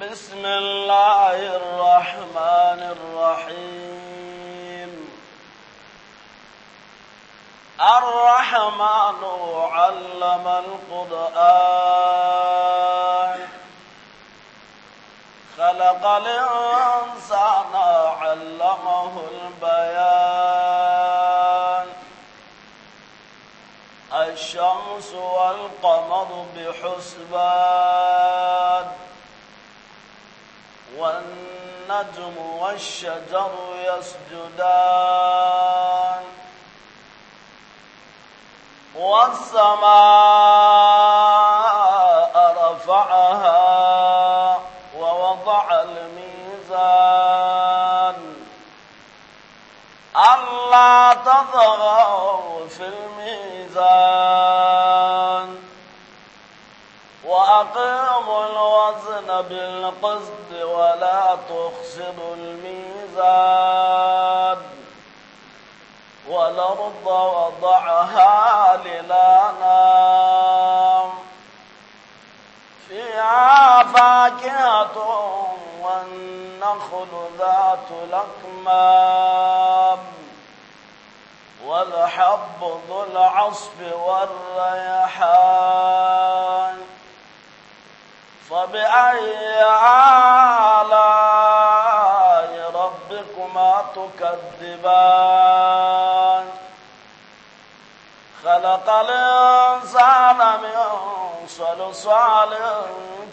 بسم الله الرحمن الرحيم الرحمن علم القرآن خلق الإنسان علمه البيان الشمس والقمر بحسبان والنجم والشجر يسجدان والسماء رفعها ووضع الميزان ألا تطغوا في الميزان وأقيموا الوزن بالقسط ولا تخسروا الميزان والأرض وضعها للأنام فيها فاكهة والنخل ذات الأكمام والحب ذو العصب والريحان فبأي آلاء ربكما تكذبان خلق الإنسان من صلصال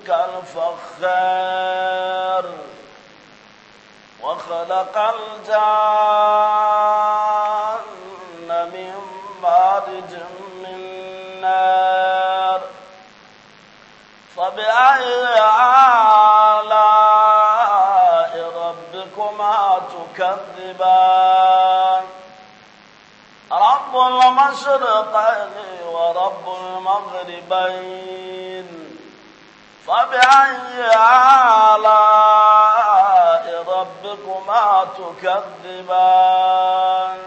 كالفخار وخلق الجان من مارج من نار فبأي آلاء ربكما تكذبان رب المشرقين ورب المغربين فبأي آلاء ربكما تكذبان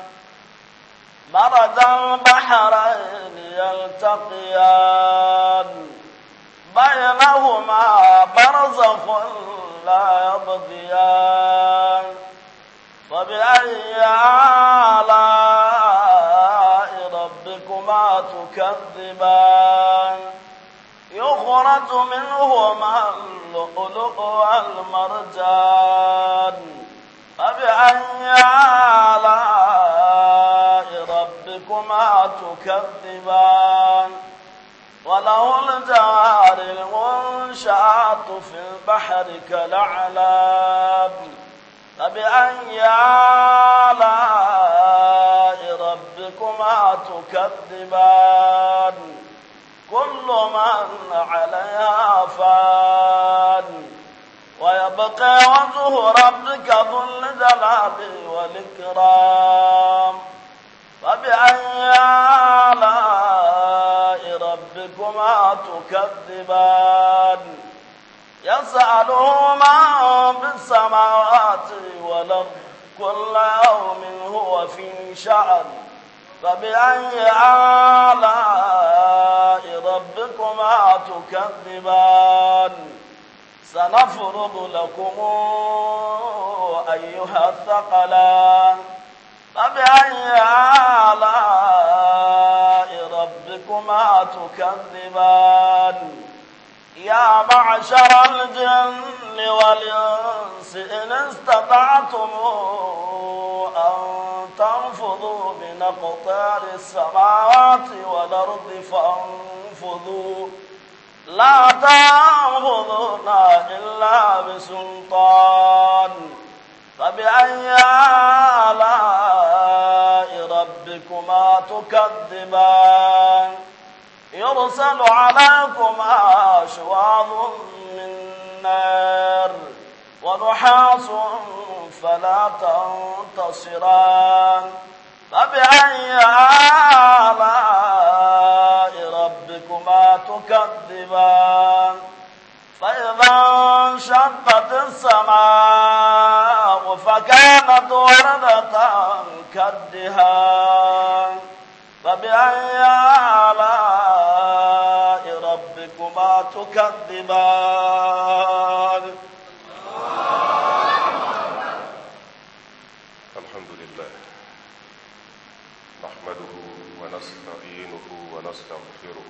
مرد البحرين يلتقيان بينهما برزخ لا يبغيان فبأي آلاء ربكما تكذبان يخرج منهما اللؤلؤ والمرجان فبأي آلاء ربكما تكذبان وله الجوار المنشآت في البحر كالأعلام فبأي آلاء ربكما تكذبان كل من عليها فان ويبقى وجه ربك ذو الجلال والإكرام فبأي آلاء ربكما تكذبان يسأله من في السماوات والأرض كل يوم هو في شأن فبأي آلاء ربكما تكذبان سنفرض لكم أيها الثقلان فبأي آلاء ربكما تكذبان يا معشر الجن والإنس إن استطعتم أن تنفذوا من أقطار السماوات والأرض فانفذوا لا تنفذون إلا بسلطان فبأي آلاء ربكما تكذبان يرسل عليكما شواظ من نار ونحاس فلا تنتصران فبأي آلاء ربكما تكذبان فإذا انشقت السماء فكانت وردة كالدها فبأي آلاء ربكما تكذبان الحمد لله نحمده ونستعينه ونستغفره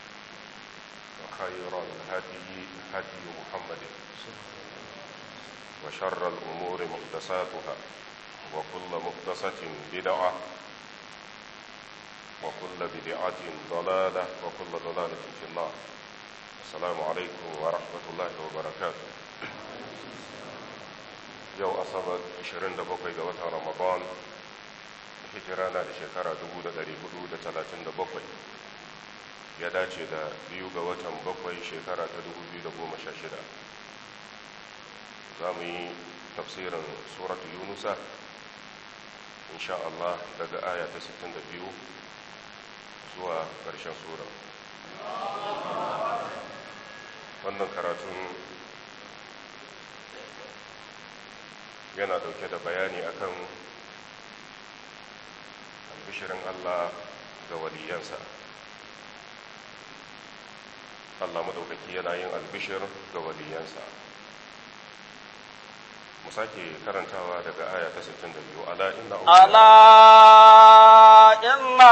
خير الهدي هدي محمد وشر الأمور مقدساتها وكل مقدسة بدعة وكل بدعة ضلالة وكل ضلالة في الله السلام عليكم ورحمة الله وبركاته يو أصابت 27 رمضان هجرانا Ramadan دبودة دري بدودة ثلاثين 1437 ya dace da biyu ga watan bakwai shekara ta goma 2016 za mu yi tafsirin suratu yunusa insha Allah daga aya ta biyu zuwa ƙarshen sura wannan karatun yana dauke da bayani akan albishirin Allah ga waliyansa Allah maɗaukaki yana yin albishir ga waliyansa mu sake karantawa daga aya ta 62 ala inna ala inna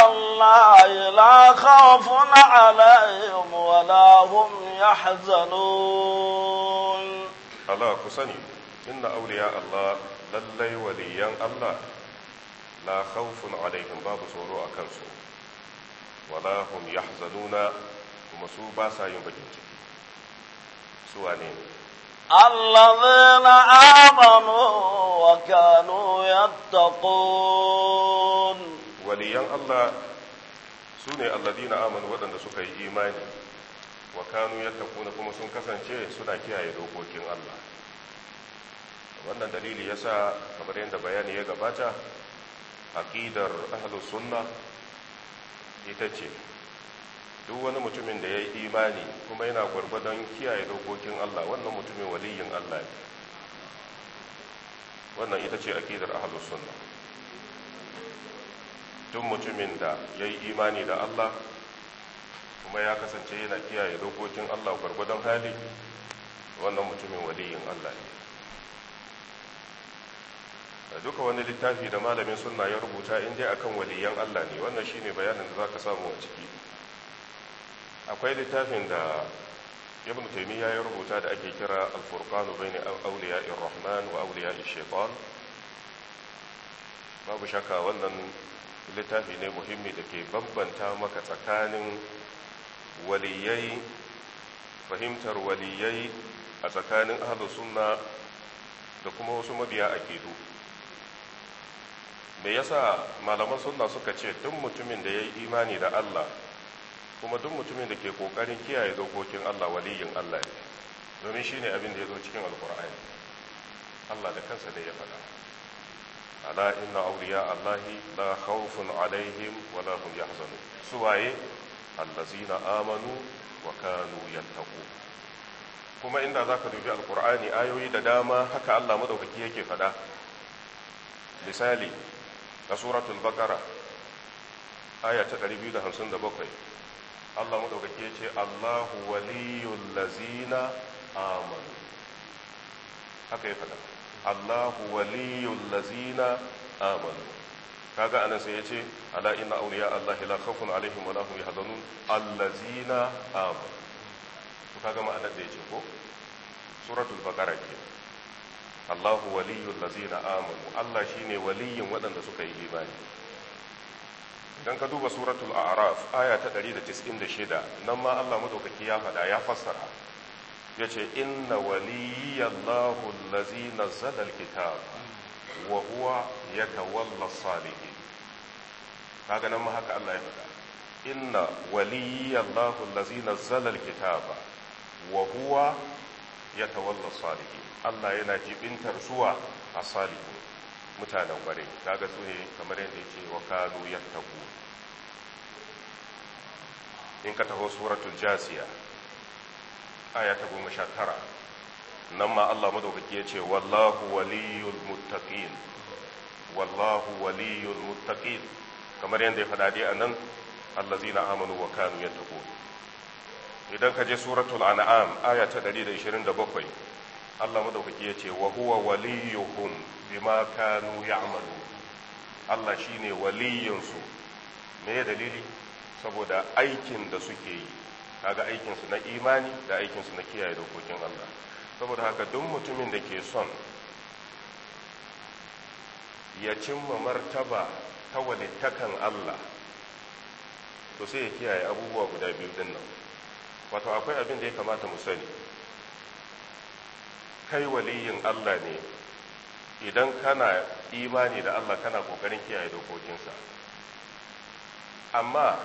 Allah la khawfun alaihim wa la yahzanun ala ku sani inna awliya Allah lallai waliyan Allah la khawfun alaihim babu tsoro a kansu. wala hum yahzanuna kuma su ba sa yin bakin ciki suwa ne allazina amanu wa kanu yattaqun waliyan allah su ne allazina amanu wadanda suka yi imani wa kanu yattaquna kuma sun kasance suna kiyaye dokokin allah wannan dalili yasa kamar yadda bayani ya gabata aqidar ahlus sunnah ita ce duk wani mutumin da ya yi imani kuma yana gwargwadon kiyaye dokokin Allah wannan mutumin waliyin Allah ne wannan ita ce aqidar ahlus sunna duk mutumin da ya yi imani da Allah kuma ya kasance yana kiyaye dokokin Allah gwargwadon hali wannan mutumin waliyin Allah ne duka wani littafi da malamin sunna ya rubuta in dai akan waliyan Allah ne wannan shine bayanin da zaka samu a ciki akwai littafin da ibn taymiya ya rubuta da ake kira al-furqan bayna awliya'ir rahman wa awliya'ish shaytan babu shakka wannan littafi ne muhimmi da ke bambanta maka tsakanin waliyai fahimtar waliyai a tsakanin ahlus sunna da kuma wasu mabiya aqidu me yasa malaman sunna suka ce duk mutumin da ya yi imani da Allah kuma duk mutumin da ke kokarin kiyaye dokokin Allah waliyin Allah ne domin shine abin da ya zo cikin alqur'ani Allah da kansa ne ya faɗa ala inna awliya allahi la khawfun alaihim wa la hum yahzanun suwaye allazina amanu wa kanu yattaqun kuma inda zaka dubi alqur'ani ayoyi da dama haka Allah madaukaki yake faɗa misali ta suratul bakara aya ta 257 Allah madaukake ya ce Allahu waliyul lazina amanu haka ya faɗa Allahu waliyul lazina amanu kaga anan sai ya ce ala inna awliya Allahi la khawfun alaihim wa lahum yahzanun allazina amanu kaga ma'anar da ya ce ko suratul bakara kenan Allahu waliyul lazina amanu Allah shine waliyin waɗanda suka yi imani idan ka duba suratul a'raf aya ta 196 nan ma Allah madaukaki ya faɗa ya fassara yace inna waliyallahu allazi nazzala alkitab wa huwa yatawalla salihin kaga nan ma haka Allah ya faɗa inna waliyallahu allazi nazzala alkitab wa huwa yatawalla salihin Allah yana jibintar suwa a salihu mutanen ƙware kaga su ne kamar yadda ya ce wa yadda ku? in ka taho suratul jasiya aya ta goma sha tara nan ma Allah madaukaki ya ce wallahu waliyul muttaqin wallahu waliyul muttaqin kamar yadda ya faɗa dai Allah allazina amanu wa kanu yattaqun idan ka je suratul an'am aya ta 127 Allah madaukaki ya ce wa huwa waliyuhum bima kanu ya'malu Allah shine waliyinsu me dalili saboda aikin da suke yi kaga aikin su na imani da aikin su na kiyaye dokokin Allah saboda haka duk mutumin da ke son ya cimma martaba ta walittakan Allah to sai ya kiyaye abubuwa guda biyu dinnan wato akwai abin da ya kamata mu sani kai waliyin Allah ne idan kana imani da Allah kana kokarin kiyaye dokokinsa amma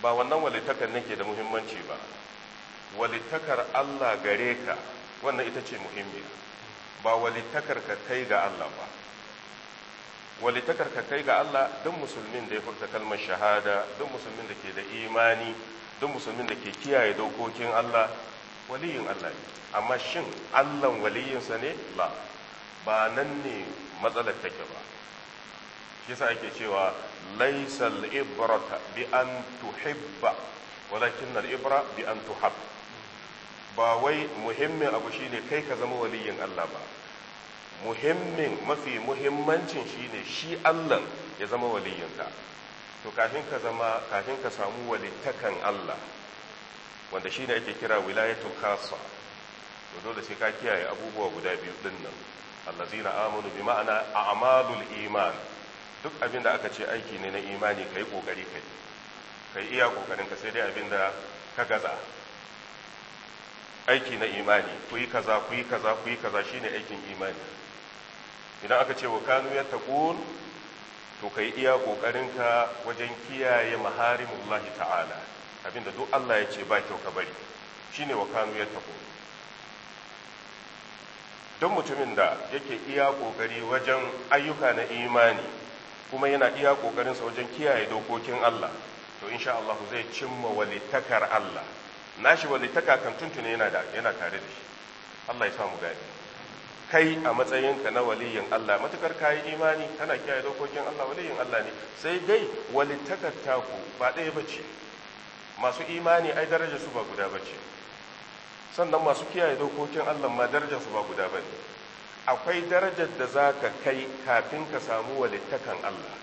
ba wannan walitakar nake da muhimmanci ba walitakar Allah gare ka wannan ita ce muhimmiya ba walitakar ka kai ga Allah ba walitakar ka kai ga Allah duk musulmin da ya furta kalmar shahada duk musulmin da ke da imani duk musulmin da ke kiyaye dokokin Allah waliyin Allah ne amma shin Allahn waliyinsa ne la ba nan ne matsalar take ba Kisa ake cewa laisal ibrata bi an tuhibba walakin nal ibra bi an tuhab ba wai muhimmin abu shine kai ka zama waliyin Allah ba muhimmin mafi muhimmancin shine shi Allah ya zama waliyinka to kafin ka zama kafin ka samu walittakan Allah wanda shi ne ake kira wilayatun kasa to dole sai ka kiyaye abubuwa guda biyu din nan allazina amanu bi ma'ana a'malul iman duk abin da aka ce aiki ne na imani kai kokari kai kai iya kokarin ka sai dai abin da ka gaza aiki na imani ku yi kaza ku yi kaza ku yi kaza shine aikin imani idan aka ce wa kanu yattaqun to kai iya kokarin ka wajen kiyaye maharimullahi ta'ala abinda duk Allah ya ce ba kyau ka bari shine wa kanu ya tafi don mutumin da yake iya kokari wajen ayyuka na imani kuma yana iya kokarin wajen kiyaye dokokin Allah to insha Allah zai cimma walitakar Allah nashi walitaka kan tuntune yana da yana tare da shi Allah ya sa mu gani kai a matsayinka na waliyin Allah matukar kayan imani kana kiyaye dokokin Allah waliyin Allah ne sai dai walitakar taku ba ɗaya bace masu imani ai daraja su ba guda bace sannan masu kiyaye dokokin Allah ma daraja su ba guda bane akwai darajar da zaka kai kafin ka samu walittakan Allah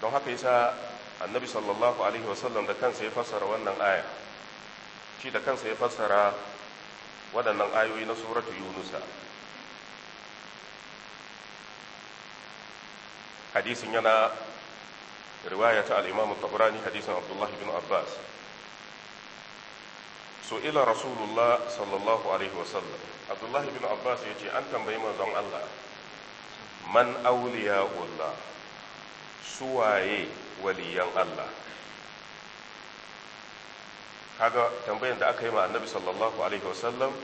don haka yasa annabi sallallahu alaihi wasallam da kansa ya fassara wannan aya shi da kansa ya fassara waɗannan ayoyi na suratu yunusa hadisin yana riwayata ta al-imam tabrani hadisin abdullah bin abbas so ila rasulullah sallallahu alaihi wasallam abdullah bin abbas ya ce an tambayi manzon allah man auliya'ullah suwaye waliyan allah kaga tambayan da aka yi ma annabi sallallahu alaihi wasallam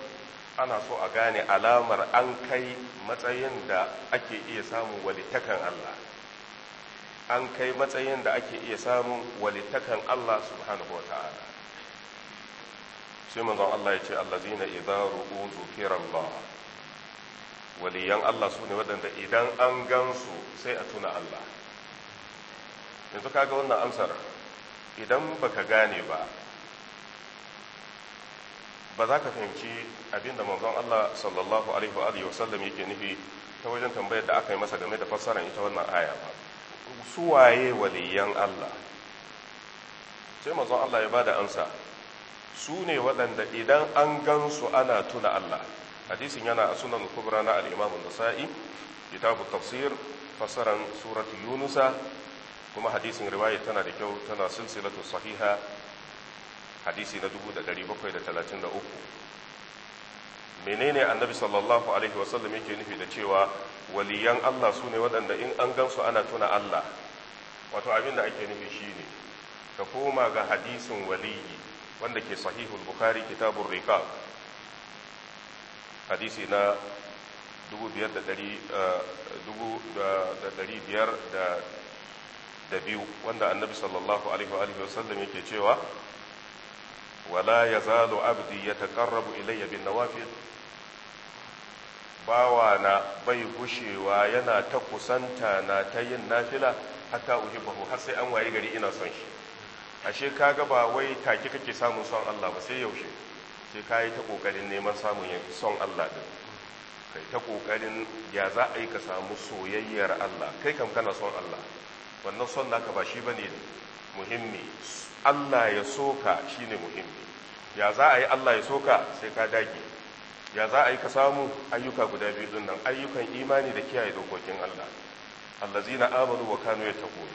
ana so a gane alamar an kai matsayin da ake iya samun walitakan Allah an kai matsayin da ake iya samun walittakan Allah subhanahu wa ta'ala sai manzon Allah ya ce allazina idza ru'u zukirallah waliyan Allah su ne waɗanda idan an gansu sai a tuna Allah yanzu kaga wannan amsar idan baka gane ba ba za ka fahimci abinda manzon Allah sallallahu alaihi wa alihi yake nufi ta wajen tambayar da aka yi masa game da fassarar ita wannan aya ba suwaye waliyan Allah sai mazan Allah ya bada ansa su ne waɗanda idan an gansu ana tuna Allah hadisin yana a sunan kubra na al'imamun nasa'i kitabu tafsir fasaran surat yunusa kuma hadisin riwaye tana da kyau tana silsilatu sahiha hadisi na 1733 menene annabi sallallahu alaihi wasallam yake nufi da cewa waliyan Allah su ne waɗanda in an gansu ana tuna Allah wato abin da ake nufi shine ka koma ga hadisin waliyi wanda ke sahihul bukhari kitabun rika hadisi na 5,500 eh, da biyu wanda annabi sallallahu alaihi wasallam yake cewa wala ya zalo abdi ya taƙarrabu ilayya bin bawa na bai gushewa yana ta kusanta na ta yin nafila hatta uhibbahu har sai an waye gari ina son shi ashe kaga ba wai take kake samun son Allah ba sai yaushe sai kayi ta kokarin neman samun son Allah din kai ta kokarin ya za a yi ka samu soyayyar Allah kai kam kana son Allah wannan son naka ba shi bane muhimmi Allah ya soka shine muhimmi ya za a yi Allah ya soka sai ka dage ya za a yi ka samu ayyuka guda biyu din nan ayyukan imani da kiyaye dokokin Allah allazina amanu wa kanu yattaqun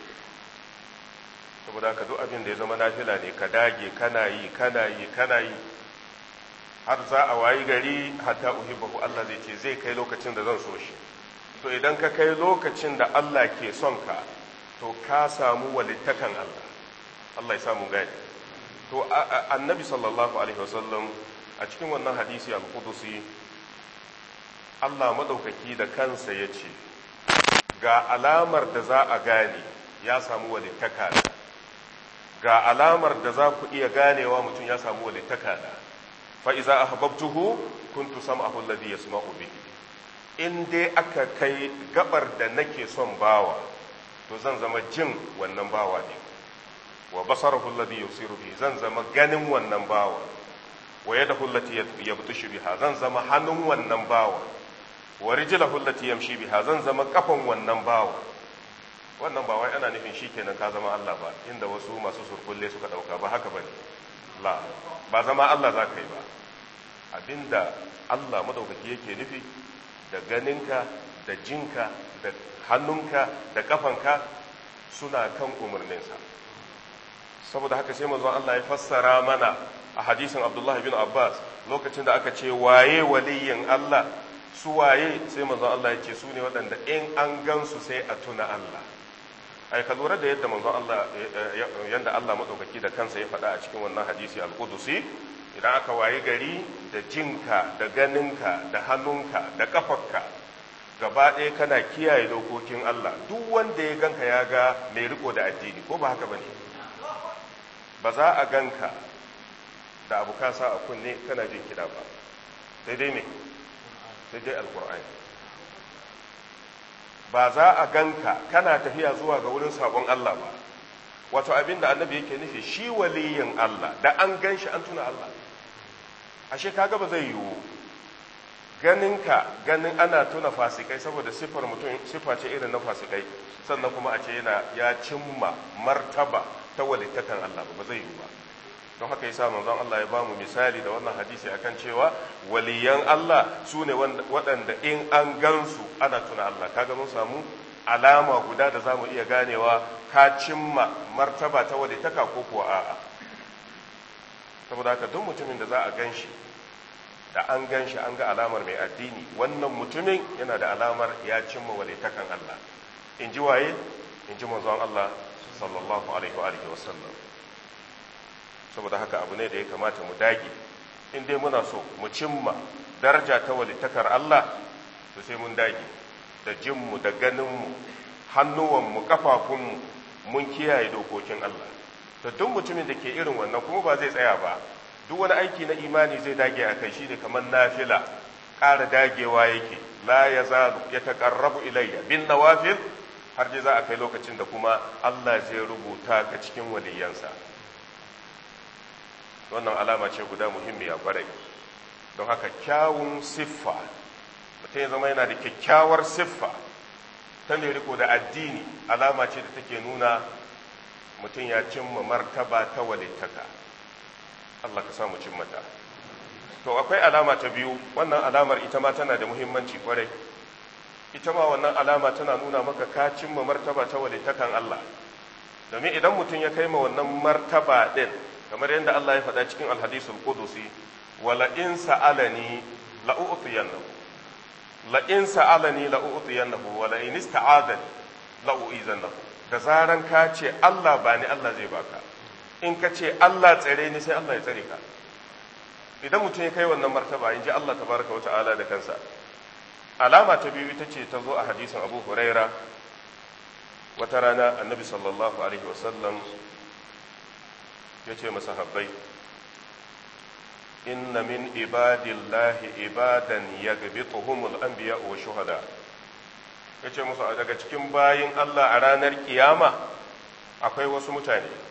saboda ka duk abin da ya zama nafila ne ka dage kana yi kana yi kana yi har za a wayi gari hatta uhibbahu Allah zai ce zai kai lokacin da zan so shi to idan ka kai lokacin da Allah ke son ka to ka samu walittakan Allah Allah ya samu gani to annabi sallallahu alaihi wasallam a cikin wannan hadisi al-qudusi Allah madaukaki da kansa yace ga alamar da za a gane ya samu takada. ga alamar da za ku iya ganewa mutum ya samu takada fa iza ahbabtuhu kuntu sam'ahu alladhi yasma'u bi. in dai aka kai gabar da nake son bawa to zan zama jin wannan bawa ne wa basarahu alladhi yusiru bi zan zama ganin wannan bawa wa yadahu allati yabtushu ha zan zama hannun wannan bawa wa rijlahu allati yamshi ha zan zama kafan wannan bawa wannan bawa yana nufin shi kenan ka zama Allah ba inda wasu masu surkulle suka dauka ba haka bane la ba zama Allah za ka yi ba abinda Allah madaukaki yake nufi da ganinka da jinka da hannunka da kafanka suna kan umarninsa saboda haka sai manzon Allah ya fassara mana a hadisin Abdullah bin Abbas lokacin da aka ce waye waliyin Allah su waye sai manzon Allah ya ce su ne waɗanda in an gansu sai a tuna Allah ai ka lura da yadda manzon Allah yanda Allah madaukaki da kansa ya faɗa a cikin wannan hadisi al-Qudusi idan aka waye gari da jinka da ganinka da hannunka da kafarka gaba ɗaya kana kiyaye dokokin Allah duk wanda ya ganka ya ga mai riko da addini ko ba haka bane ba za a ganka da abu ka a kunne kana jin kida ba sai dai ne sai dai alkur'ani ba za a ganka kana tafiya zuwa ga wurin sabon Allah ba wato abinda annabi yake nufi shi waliyin Allah da an ganshi an tuna Allah ashe kaga ba zai yiwu ganin ka ganin ana tuna fasikai saboda siffar mutum siffa ce irin na fasikai sannan kuma a ce yana ya cimma martaba ta walittakan Allah ba zai yi ba don haka yasa manzon Allah ya ba mu misali da wannan hadisi akan cewa waliyan Allah sune ne waɗanda in an gansu ana tuna Allah kaga mun samu alama guda da zamu iya ganewa ka cimma martaba ta walittaka ko kuwa a'a saboda haka duk mutumin da za a gan shi da an gan shi an ga alamar mai addini wannan mutumin yana da alamar ya cimma wadaitakan Allah in ji waye in ji manzon Allah sallallahu alaihi wa alihi wasallam saboda haka abu ne da ya kamata mu dage in dai muna so mu cimma daraja ta walitakar Allah to sai mun dage da jin mu, da ganin mu, mu, kafafun mu, mun kiyaye dokokin Allah to duk mutumin da ke irin wannan kuma ba zai tsaya ba duk wani aiki na imani zai dage a kai shi shine kamar nafila ƙara dagewa yake la ya ya taqarrabu ilayya bin nawafil har je za a kai lokacin da kuma Allah zai rubuta ka cikin waliyansa wannan alama ce guda muhimmiya kwarai don haka kyawun siffa mutum ya zama yana da kyakkyawar siffa ta mai riko da addini alama ce da take nuna mutum ya cimma martaba ta walittaka Allah ka samu cimmata to akwai alama ta biyu wannan alamar ita ma tana da muhimmanci kwarai ita ma wannan alama tana nuna maka ka cimma martaba ta walitakan Allah domin idan mutum ya kai ma wannan martaba din kamar yadda Allah ya faɗa cikin alhadisul qudusi wala in sa'alani la u'tiyannahu la in sa'alani la u'tiyannahu wala in ista'adani la u'izannahu da zaran ka ce Allah ba ni Allah zai baka in ka ce Allah tsare ni sai Allah ya tsare ka idan mutum ya kai wannan martaba in ji Allah tabaraka wa ta'ala da kansa alama ta biyu ita ce ta zo a hadisin Abu Huraira wata rana annabi sallallahu alaihi wa sallam, ya ce habbai inna min ibadillahi ibadan yagbituhumul anbiya wa shuhada yace musu daga cikin bayin Allah a ranar kiyama akwai wasu mutane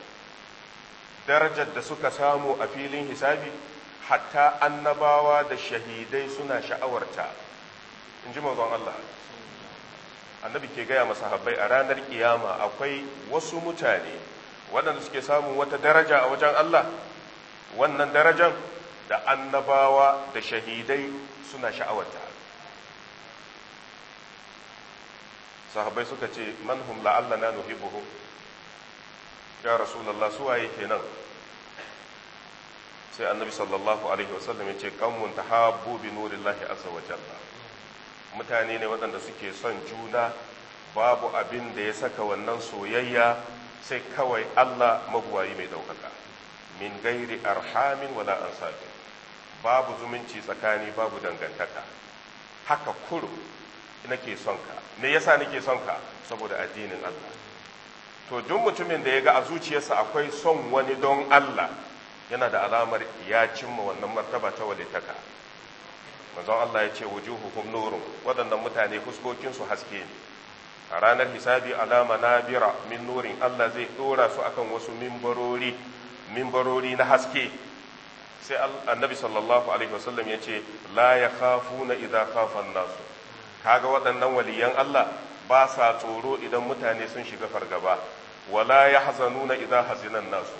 darajar da suka samu a filin hisabi hatta annabawa da shahidai suna sha'awarta in ji mazan Allah annabi ke gaya masahabbai a ranar kiyama akwai wasu mutane waɗanda suke samun wata daraja a wajen Allah wannan darajan da annabawa da shahidai suna sha'awarta sahabbai suka ce manhum nuhi buhu. ya rasulullah su waye kenan sai annabi sallallahu alaihi wasallam ya ce qaumun tahabbu bi nurillahi azza wa mutane ne waɗanda suke son juna babu abin da ya saka wannan soyayya sai kawai Allah magwayi mai ɗaukaka min gairi arhamin wala ansabi babu zumunci tsakani babu dangantaka haka kuro nake son ka me yasa nake son ka saboda addinin Allah to duk mutumin da ya ga a zuciyarsa akwai son wani don Allah yana da alamar ya cimma wannan martaba ta walitaka manzon Allah ya ce wujuhukum nurun waɗannan mutane fuskokinsu haske ne a ranar hisabi alama nabira min nurin Allah zai ɗora su akan wasu mimbarori mimbarori na haske sai annabi sallallahu alaihi wasallam ya ce la ya khafuna idza khafa nasu kaga waɗannan waliyan Allah ba sa tsoro idan mutane sun shiga fargaba wala ya hazanuna idan hazinan nasu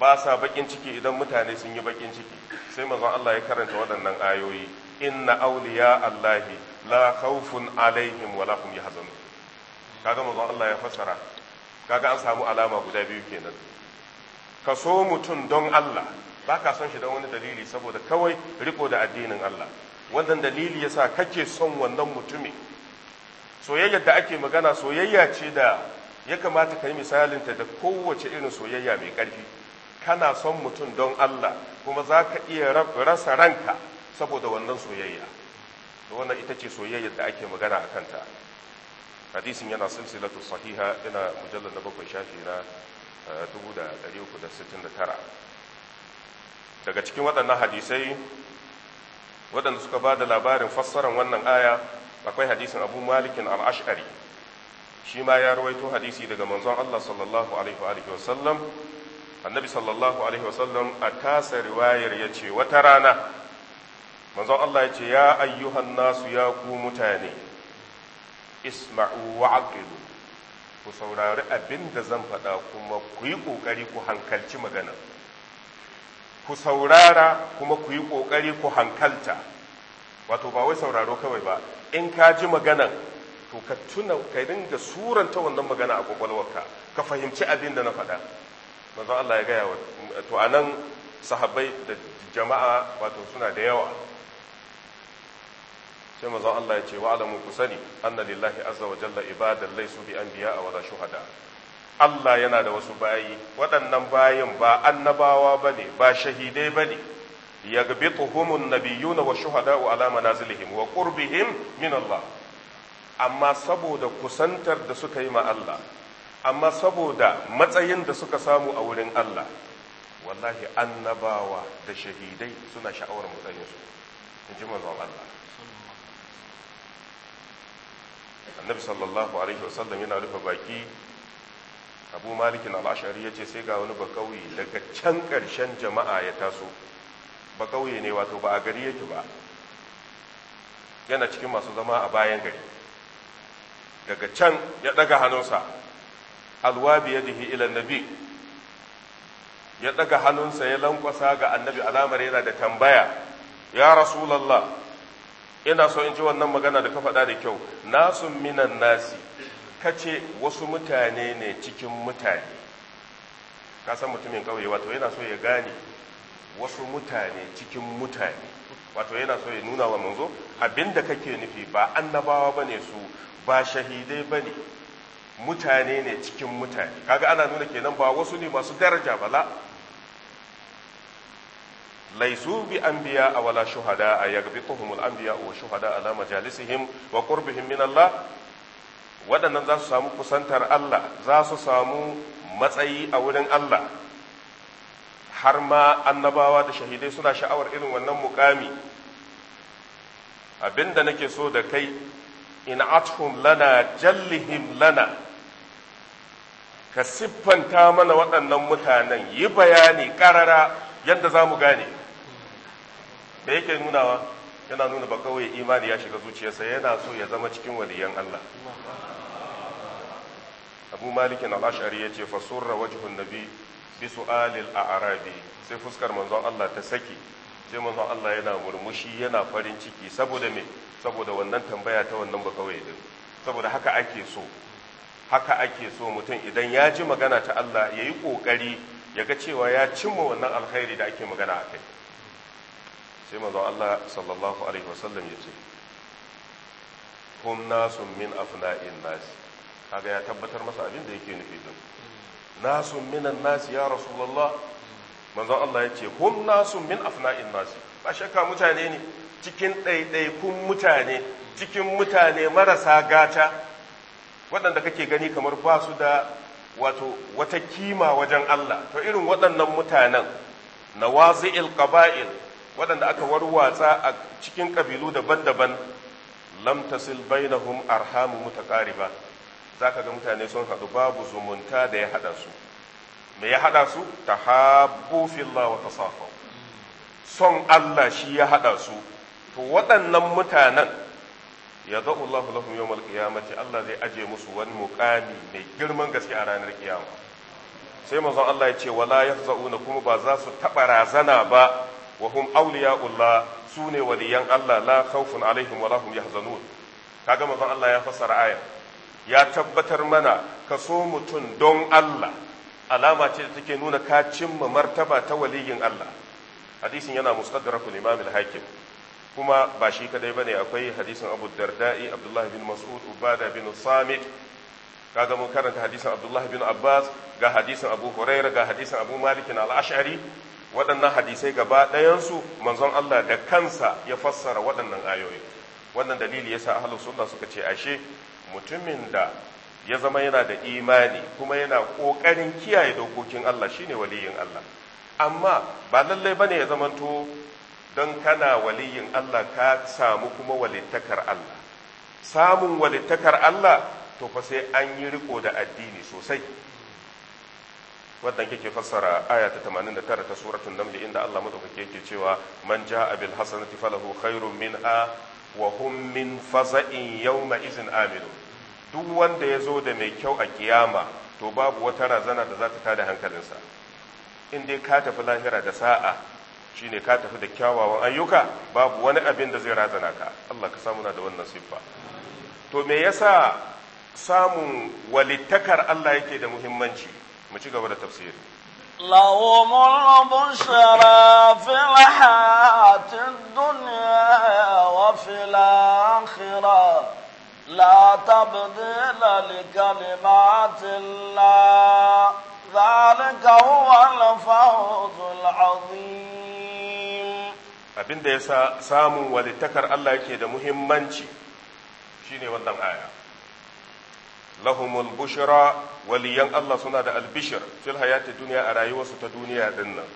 ba sa bakin ciki idan mutane sun yi bakin ciki sai mazan Allah ya karanta waɗannan ayoyi inna auliya allahi la khawfun alaihim wala hum yahzanun kaga mazan Allah ya fassara kaga an samu alama guda biyu kenan ka so mutum don Allah ba ka son shi don wani dalili saboda kawai riko da addinin Allah wannan dalili yasa kake son wannan mutumin Soyayya da ake magana soyayya ce da ya kamata ka yi misalinta da kowace irin soyayya mai ƙarfi kana son mutum don Allah kuma za ka iya rasa ranka saboda wannan soyayya da wannan ita ce soyayyar da ake magana a kanta hadisin yana silsilatu sahiha ina mujallar na bakwai shafi na 1369 eh, daga cikin waɗannan hadisai waɗanda suka ba da labarin fassarar wannan aya akwai hadisin abu malikin al'ash'ari shi ma ya rawaito hadisi daga manzon Allah sallallahu alaihi wa sallam annabi sallallahu alaihi wa sallam a tasa riwayar ya ce wata rana manzon Allah ya ce ya ayyuhan nasu ya ku mutane isma'u wa aqilu ku saurari abin da zan faɗa kuma ku yi ƙoƙari ku hankalci magana ku saurara kuma ku yi ƙoƙari ku hankalta wato ba wai sauraro kawai ba in ka ji maganan to ka tuna ka dinga suranta wannan magana a kwakwalwarka ka fahimci abin da na faɗa manzon Allah ya gaya wa to anan sahabbai da jama'a wato suna da yawa sai manzon Allah ya ce wa alamu ku sani anna lillahi azza wa jalla ibadan laysu bi anbiya wa la shuhada Allah yana da wasu bayi waɗannan bayin ba annabawa bane ba shahidai bane yagbituhumun nabiyuna wa shuhada'u ala manazilihim wa qurbihim min Allah amma saboda kusantar da suka yi ma Allah amma saboda matsayin da suka samu a wurin Allah wallahi annabawa da shahidai suna sha'awar matsayinsu in ji manzon Allah annabi sallallahu alaihi wasallam yana rufe baki abu malikin al'ashari ya ce sai ga wani bakauyi daga can ƙarshen jama'a ya taso ba kauye ne wato ba a gari yake ba yana cikin masu zama a bayan gari daga can ya ɗaga hannunsa alwabi ya dihi ilan nabi ya ɗaga hannunsa ya lankwasa ga annabi alamar yana da tambaya ya rasu rasulallah ina so in ji wannan magana da ka faɗa da kyau nasun minan nasi kace wasu mutane ne cikin mutane ka san mutumin ƙauye wato yana so ya gane wasu mutane cikin mutane wato yana so ya nuna wa manzo abinda kake nufi ba annabawa bane su ba shahidai bane mutane ne cikin mutane kaga ana nuna kenan ba wasu ne masu daraja bala laisu bi anbiya a wala shuhada a al-anbiya wa shuhada ala majalisihim wa qurbihim min Allah waɗannan za su samu kusantar Allah za su samu matsayi a wurin Allah har ma annabawa da shahidai suna sha'awar irin wannan mukami abinda nake so da kai in athum lana jallihim lana ka siffanta mana waɗannan mutanen yi bayani ƙarara yadda za mu gane da yake nunawa yana nuna ba kawai imani ya shiga zuciyarsa yana so ya zama cikin waliyan Allah abu malikin al'ashari ya ce fasurra na nabi alil a a'rabi sai fuskar manzon Allah ta sake sai manzon Allah yana murmushi yana farin ciki saboda me saboda wannan tambaya ta wannan ba kawai din saboda haka ake so haka ake so mutum idan ya ji magana ta Allah ya yi ƙoƙari ya ga cewa ya cimma wannan alkhairi da ake magana a kai sai manzon Allah sallallahu alaihi wasallam ya ce hum nasu min afna'in nas kaga ya tabbatar masa abin da yake nufi din nasun minan nasi ya rasulullah manzon Allah ya ce hum nasun min afna'in nasi ba shakka mutane ne cikin ɗaiɗaikun mutane cikin mutane marasa gata waɗanda kake gani kamar ba su da wato wata kima wajen Allah to irin waɗannan mutanen na wazi ƙaba'il waɗanda aka warwatsa a cikin ƙabilu daban-daban lam tasil bainahum arhamu ba. za ka ga mutane sun haɗu babu zumunta da ya haɗa su me ya haɗa su ta habu filla wata tasafa son Allah shi ya haɗa su to waɗannan mutanen ya za'u Allah lahum yawmal qiyamati Allah zai aje musu wani muƙami mai girman gaske a ranar kiyama sai mazan Allah ya ce wala yahzauna kuma ba za su taɓa razana ba wa hum su sune waliyan Allah la khawfun alaihim wa lahum yahzanun kaga manzon Allah ya fassara ayat ya tabbatar mana ka so mutum don Allah alama ce da take nuna ka cimma martaba ta waliyin Allah hadisin yana mustadrakul imam al-hakim kuma ba shi kadai bane akwai hadisin Abu Darda'i Abdullah bin Mas'ud Ubada bin Samit kaga mun karanta hadisin Abdullah bin Abbas ga hadisin Abu Hurairah ga hadisin Abu Malik al-Ash'ari waɗannan hadisai gaba ɗayansu manzon Allah da kansa ya fassara waɗannan ayoyi wannan dalili yasa ahlus sunna suka ce ashe mutumin da ya zama yana da imani kuma yana ƙoƙarin kiyaye dokokin Allah shi ne waliyin Allah amma ba lallai bane ya zamanto don kana waliyin Allah ka samu kuma walittakar Allah samun walittakar Allah to fa sai an yi riko da addini sosai wannan kike fassara aya ta 89 ta suratul naml inda Allah madaukake yake cewa man jaa bil hasanati falahu khairun minha wa hum min faza'in yawma izin aminu duk wanda ya zo da mai kyau a kiyama to babu wata razana da za ta tada hankalinsa in dai ka tafi lahira da sa'a shine ka tafi da kyawawan ayyuka babu wani abin da zai razana ka Allah ka samu na da wannan siffa to me yasa samun walittakar Allah yake da muhimmanci mu ci gaba da tafsiri لهم البشرى في الحياة الدنيا وفي الآخرة لا تبديل لكلمات الله ذلك هو الفوز العظيم abinda ya سامو ولتكر الله yake da muhimmanci shine wannan aya lahumul bushra waliyan Allah suna da albishir fil hayati duniya a rayuwarsu ta duniya din nan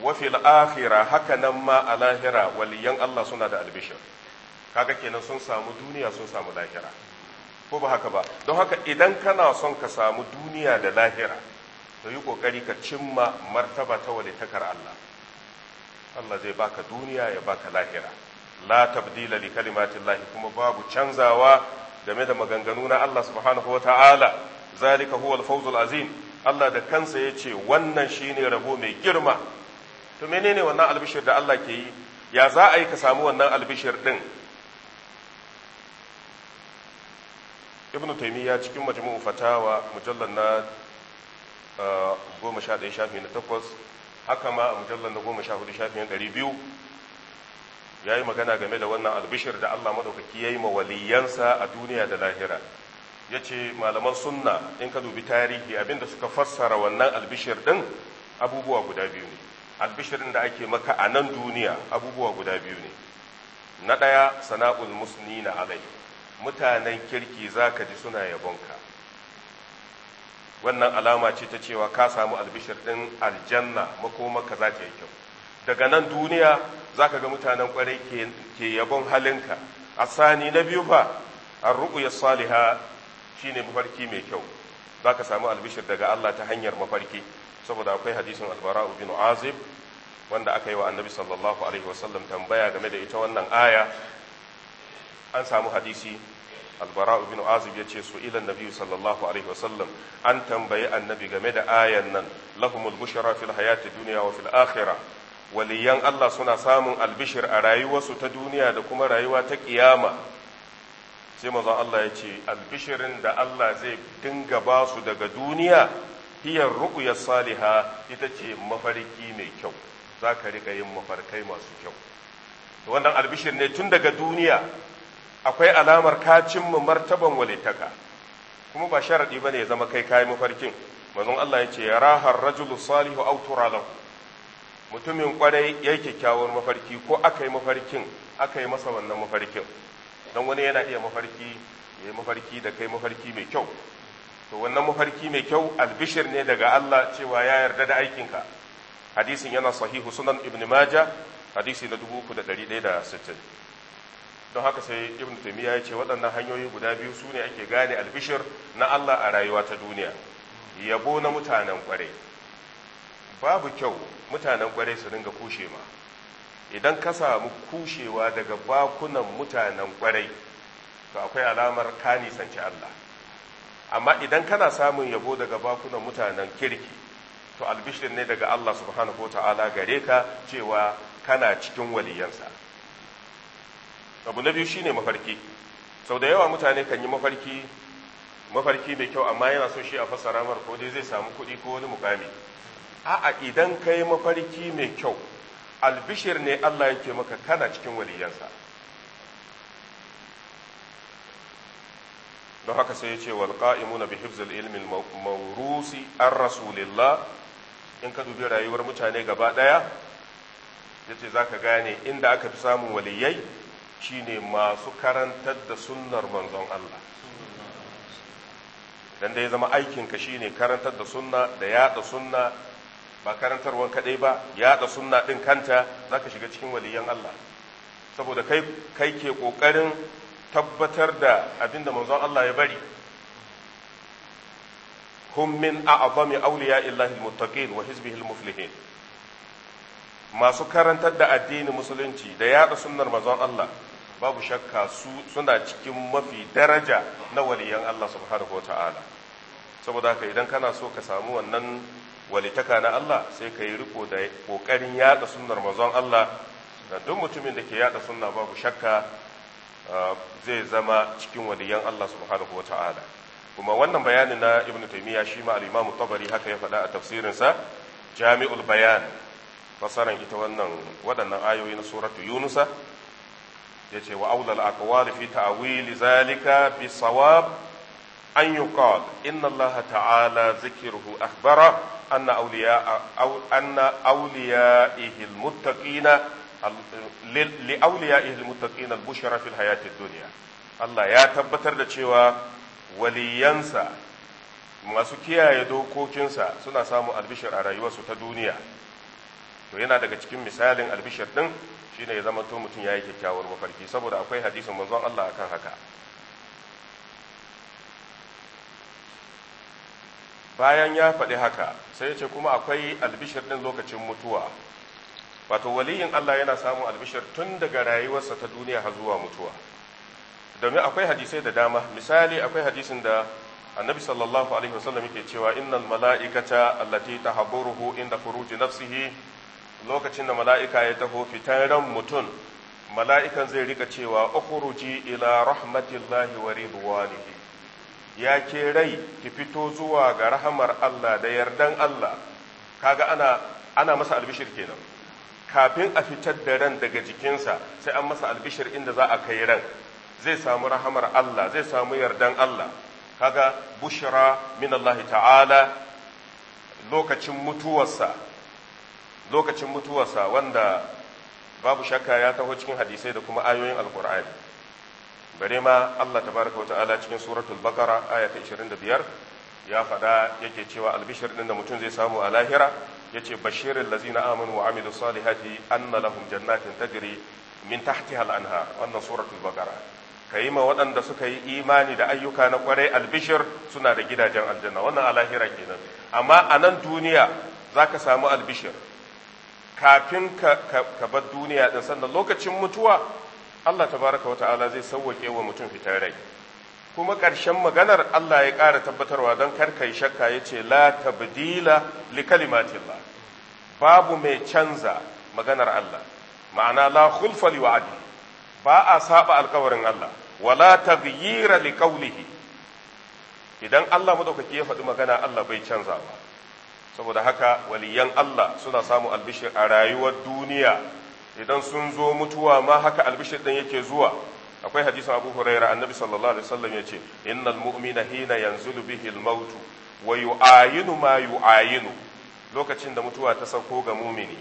wa fil akhira haka nan ma a lahira waliyan Allah suna da albishir kaga kenan sun samu duniya sun samu lahira ko ba haka ba don haka idan kana son ka samu duniya da lahira to yi kokari ka cimma martaba ta walitakar Allah Allah zai baka duniya ya baka lahira la tabdila li kalimatillahi kuma babu canzawa game da maganganu na Allah subhanahu wa ta'ala zalika huwa al azim Allah da kansa ya ce wannan shi ne rabo mai girma to menene wannan albishir da Allah ke yi ya za a yi ka samu wannan albishir ɗin. ibn taymiya cikin majmu'u fatawa mujallar na 11 uh, shafi na 8 haka ma a mujallar na 14 shafi na 200 ya yi magana game da wannan albishir da Allah maɗaukaki ya yi ma waliyyansa a duniya da lahira ya ce malaman sunna in ka dubi tarihi abinda suka fassara wannan albishir ɗin abubuwa guda biyu ne albishirin da ake maka a nan duniya abubuwa guda biyu ne na ɗaya sana'ul musni na alai mutanen kirki za ka ji suna yabonka wannan alama ce ta cewa ka samu albishir ɗin aljanna makoma ka za ta yi kyau daga nan duniya za ka ga mutanen kwarai ke yabon halinka a sani na biyu fa an ruku ya saliha shi ne mafarki mai kyau za ka samu albishir daga Allah ta hanyar mafarki saboda akwai hadisin albara bin azib wanda aka yi wa annabi sallallahu alaihi wasallam tambaya game da ita wannan aya an samu hadisi albara bin azib ya ce su ilan nabi sallallahu alaihi wasallam an tambayi annabi game da ayan nan lahumul bushara fil hayati duniya wa fil akhirah waliyan Allah suna samun albishir a rayuwarsu ta duniya da kuma rayuwa ta ƙiyama sai mazan Allah ya ce albishirin da Allah zai dinga ba su daga duniya hiyar ruƙuyar saliha ita ce mafarki mai kyau za ka riƙa yin mafarkai masu kyau wannan albishir ne tun daga duniya akwai alamar kacin mu martaban walitaka kuma ba sharaɗi ba ne ya zama kai kayi mafarkin mazan Allah ya ce ya rahar rajulu salihu autura lahu mutumin kwarai ya yi kyakkyawar mafarki ko aka yi mafarkin aka yi masa wannan mafarkin don wani yana iya mafarki ya yi mafarki da kai mafarki mai kyau to wannan mafarki mai kyau albishir ne daga Allah cewa ya yarda da aikinka hadisin yana sahihu sunan ibn maja hadisi na sittin don haka sai ibn taymiya ya ce waɗannan hanyoyi guda biyu su ne ake gane albishir na Allah a rayuwa ta duniya yabo na mutanen kwarai babu kyau mutanen kwarai su dinga kushe ma idan ka samu kushewa daga bakunan mutanen kwarai to akwai alamar ka nisanci Allah amma idan kana samun yabo daga bakunan mutanen kirki to albishirin ne daga Allah subhanahu ta'ala gare ka cewa kana cikin waliyansa abu na biyu shine mafarki sau da yawa mutane kan yi mafarki mafarki mai kyau amma yana so shi a fassara ramar ko dai zai samu kuɗi ko wani mukami a'a idan ka yi mafarki mai kyau albishir ne Allah yake maka kana cikin waliyansa don haka sai ya ce wal bi hifzil ilmi Maurusi an rasulillah in ka dubi rayuwar mutane gaba ɗaya. Ya ce za ka gane inda aka fi samun waliyai shine masu karantar da sunnar manzon Allah dan da ya zama aikinka shine karantar da sunna da yada sunna ba karantar wanka kadai ba yaɗa sunna ɗin kanta za ka shiga cikin waliyan Allah saboda kai kai ke ƙoƙarin tabbatar da abinda da manzon Allah ya bari hum min a'zami awliya illahi almuttaqin wa hizbihi almuflihin masu karantar da addinin musulunci da yaɗa sunnar manzon Allah babu shakka su suna cikin mafi daraja na waliyan Allah subhanahu wa ta'ala saboda haka idan kana so ka samu wannan walitaka na Allah sai ka yi riko da ƙoƙarin yaɗa sunnar mazon Allah da duk mutumin da ke yaɗa sunna babu shakka uh, zai zama cikin waliyan Allah subhanahu wa ta'ala kuma wannan bayanin na ibn taymiya shi ma al-imam tabari haka ya faɗa a tafsirinsa jami'ul bayan fasaran ita wannan waɗannan ayoyi na suratu yunusa yace wa aulal aqwali fi ta'wili zalika bi sawab an yuqal inna Allah ta'ala zikiruhu akhbara anna awliya aw anna awliyaihi almuttaqina li awliyaihi almuttaqina albushra fil hayati dunya Allah ya tabbatar da cewa waliyansa masu kiyaye dokokinsa suna samun albishir a rayuwarsu ta duniya to yana daga cikin misalin albishir din shine ya zama to mutum yayi kyakkyawar mafarki saboda akwai hadisin manzon Allah akan haka bayan ya faɗi haka sai ya ce kuma akwai albishir ɗin lokacin mutuwa wato waliyin Allah yana samun albishir tun daga rayuwarsa ta duniya har zuwa mutuwa domin akwai hadisai da dama misali akwai hadisin da annabi sallallahu alaihi wasallam yake cewa innal mala'ikata allati tahburuhu inda furuji nafsihi lokacin da mala'ika ya taho fitan ran mutum mala'ikan zai rika cewa ukhruji ila rahmatillahi wa ridwanihi ya ke rai ki fito zuwa ga rahamar Allah da yardan Allah kaga ana ana masa albishir kenan kafin a fitar da ran daga jikinsa sai an masa albishir inda za a kai ran zai samu rahamar Allah zai samu yardan Allah kaga bushira min Allah ta'ala lokacin mutuwarsa lokacin mutuwarsa wanda babu shakka ya taho cikin hadisai da kuma ayoyin alkur'ani bare ma Allah tabaraka wa ta'ala cikin suratul baqara aya ta 25 ya fada yake cewa albishir din da mutum zai samu a lahira yace bashirul lazina amanu wa amilus salihati anna lahum jannatin tajri min tahtiha al-anhar wannan suratul baqara kai ma waɗanda suka yi imani da ayyuka na kwarai albishir suna da gidajen aljanna wannan a lahira kenan amma a nan duniya zaka samu albishir kafin ka bar duniya din sannan lokacin mutuwa Allah tabaraka wa ta'ala zai sauwake wa mutum fitar rai kuma ƙarshen maganar Allah ya ƙara tabbatarwa don karka yi shakka ya ce la tabdila li ba babu mai canza maganar Allah ma'ana la khulfa li wa'adi ba a saba alkawarin Allah wala taghyira li qawlihi idan Allah madaukaki ya faɗi magana Allah bai canzawa saboda haka waliyan Allah suna samu albishir a rayuwar duniya idan sun zo mutuwa ma haka albishir ɗin yake zuwa akwai hadisin abu huraira annabi sallallahu alaihi wasallam yace innal mu'mina hina yanzu bihi al-maut wa yu'ayinu ma yu'ayinu lokacin da mutuwa ta sauko ga mumini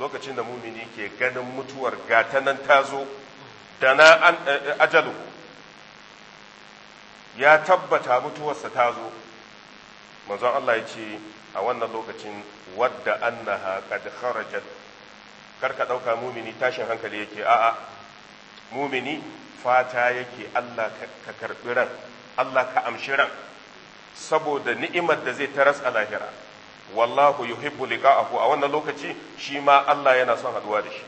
lokacin da mumini ke ganin mutuwar gata nan ta zo da na eh, eh, ajalu ya tabbata mutuwarsa ta zo manzon Allah ya ce a wannan lokacin wadda annaha qad kharajat karka ɗauka mumini tashin hankali yake a'a mumini fata yake Allah ka karɓi ran Allah ka amshi ran saboda ni'imar da zai taras a lahira wallahu yuhibbu liqa'ahu a wannan lokaci shi ma Allah yana son haduwa da shi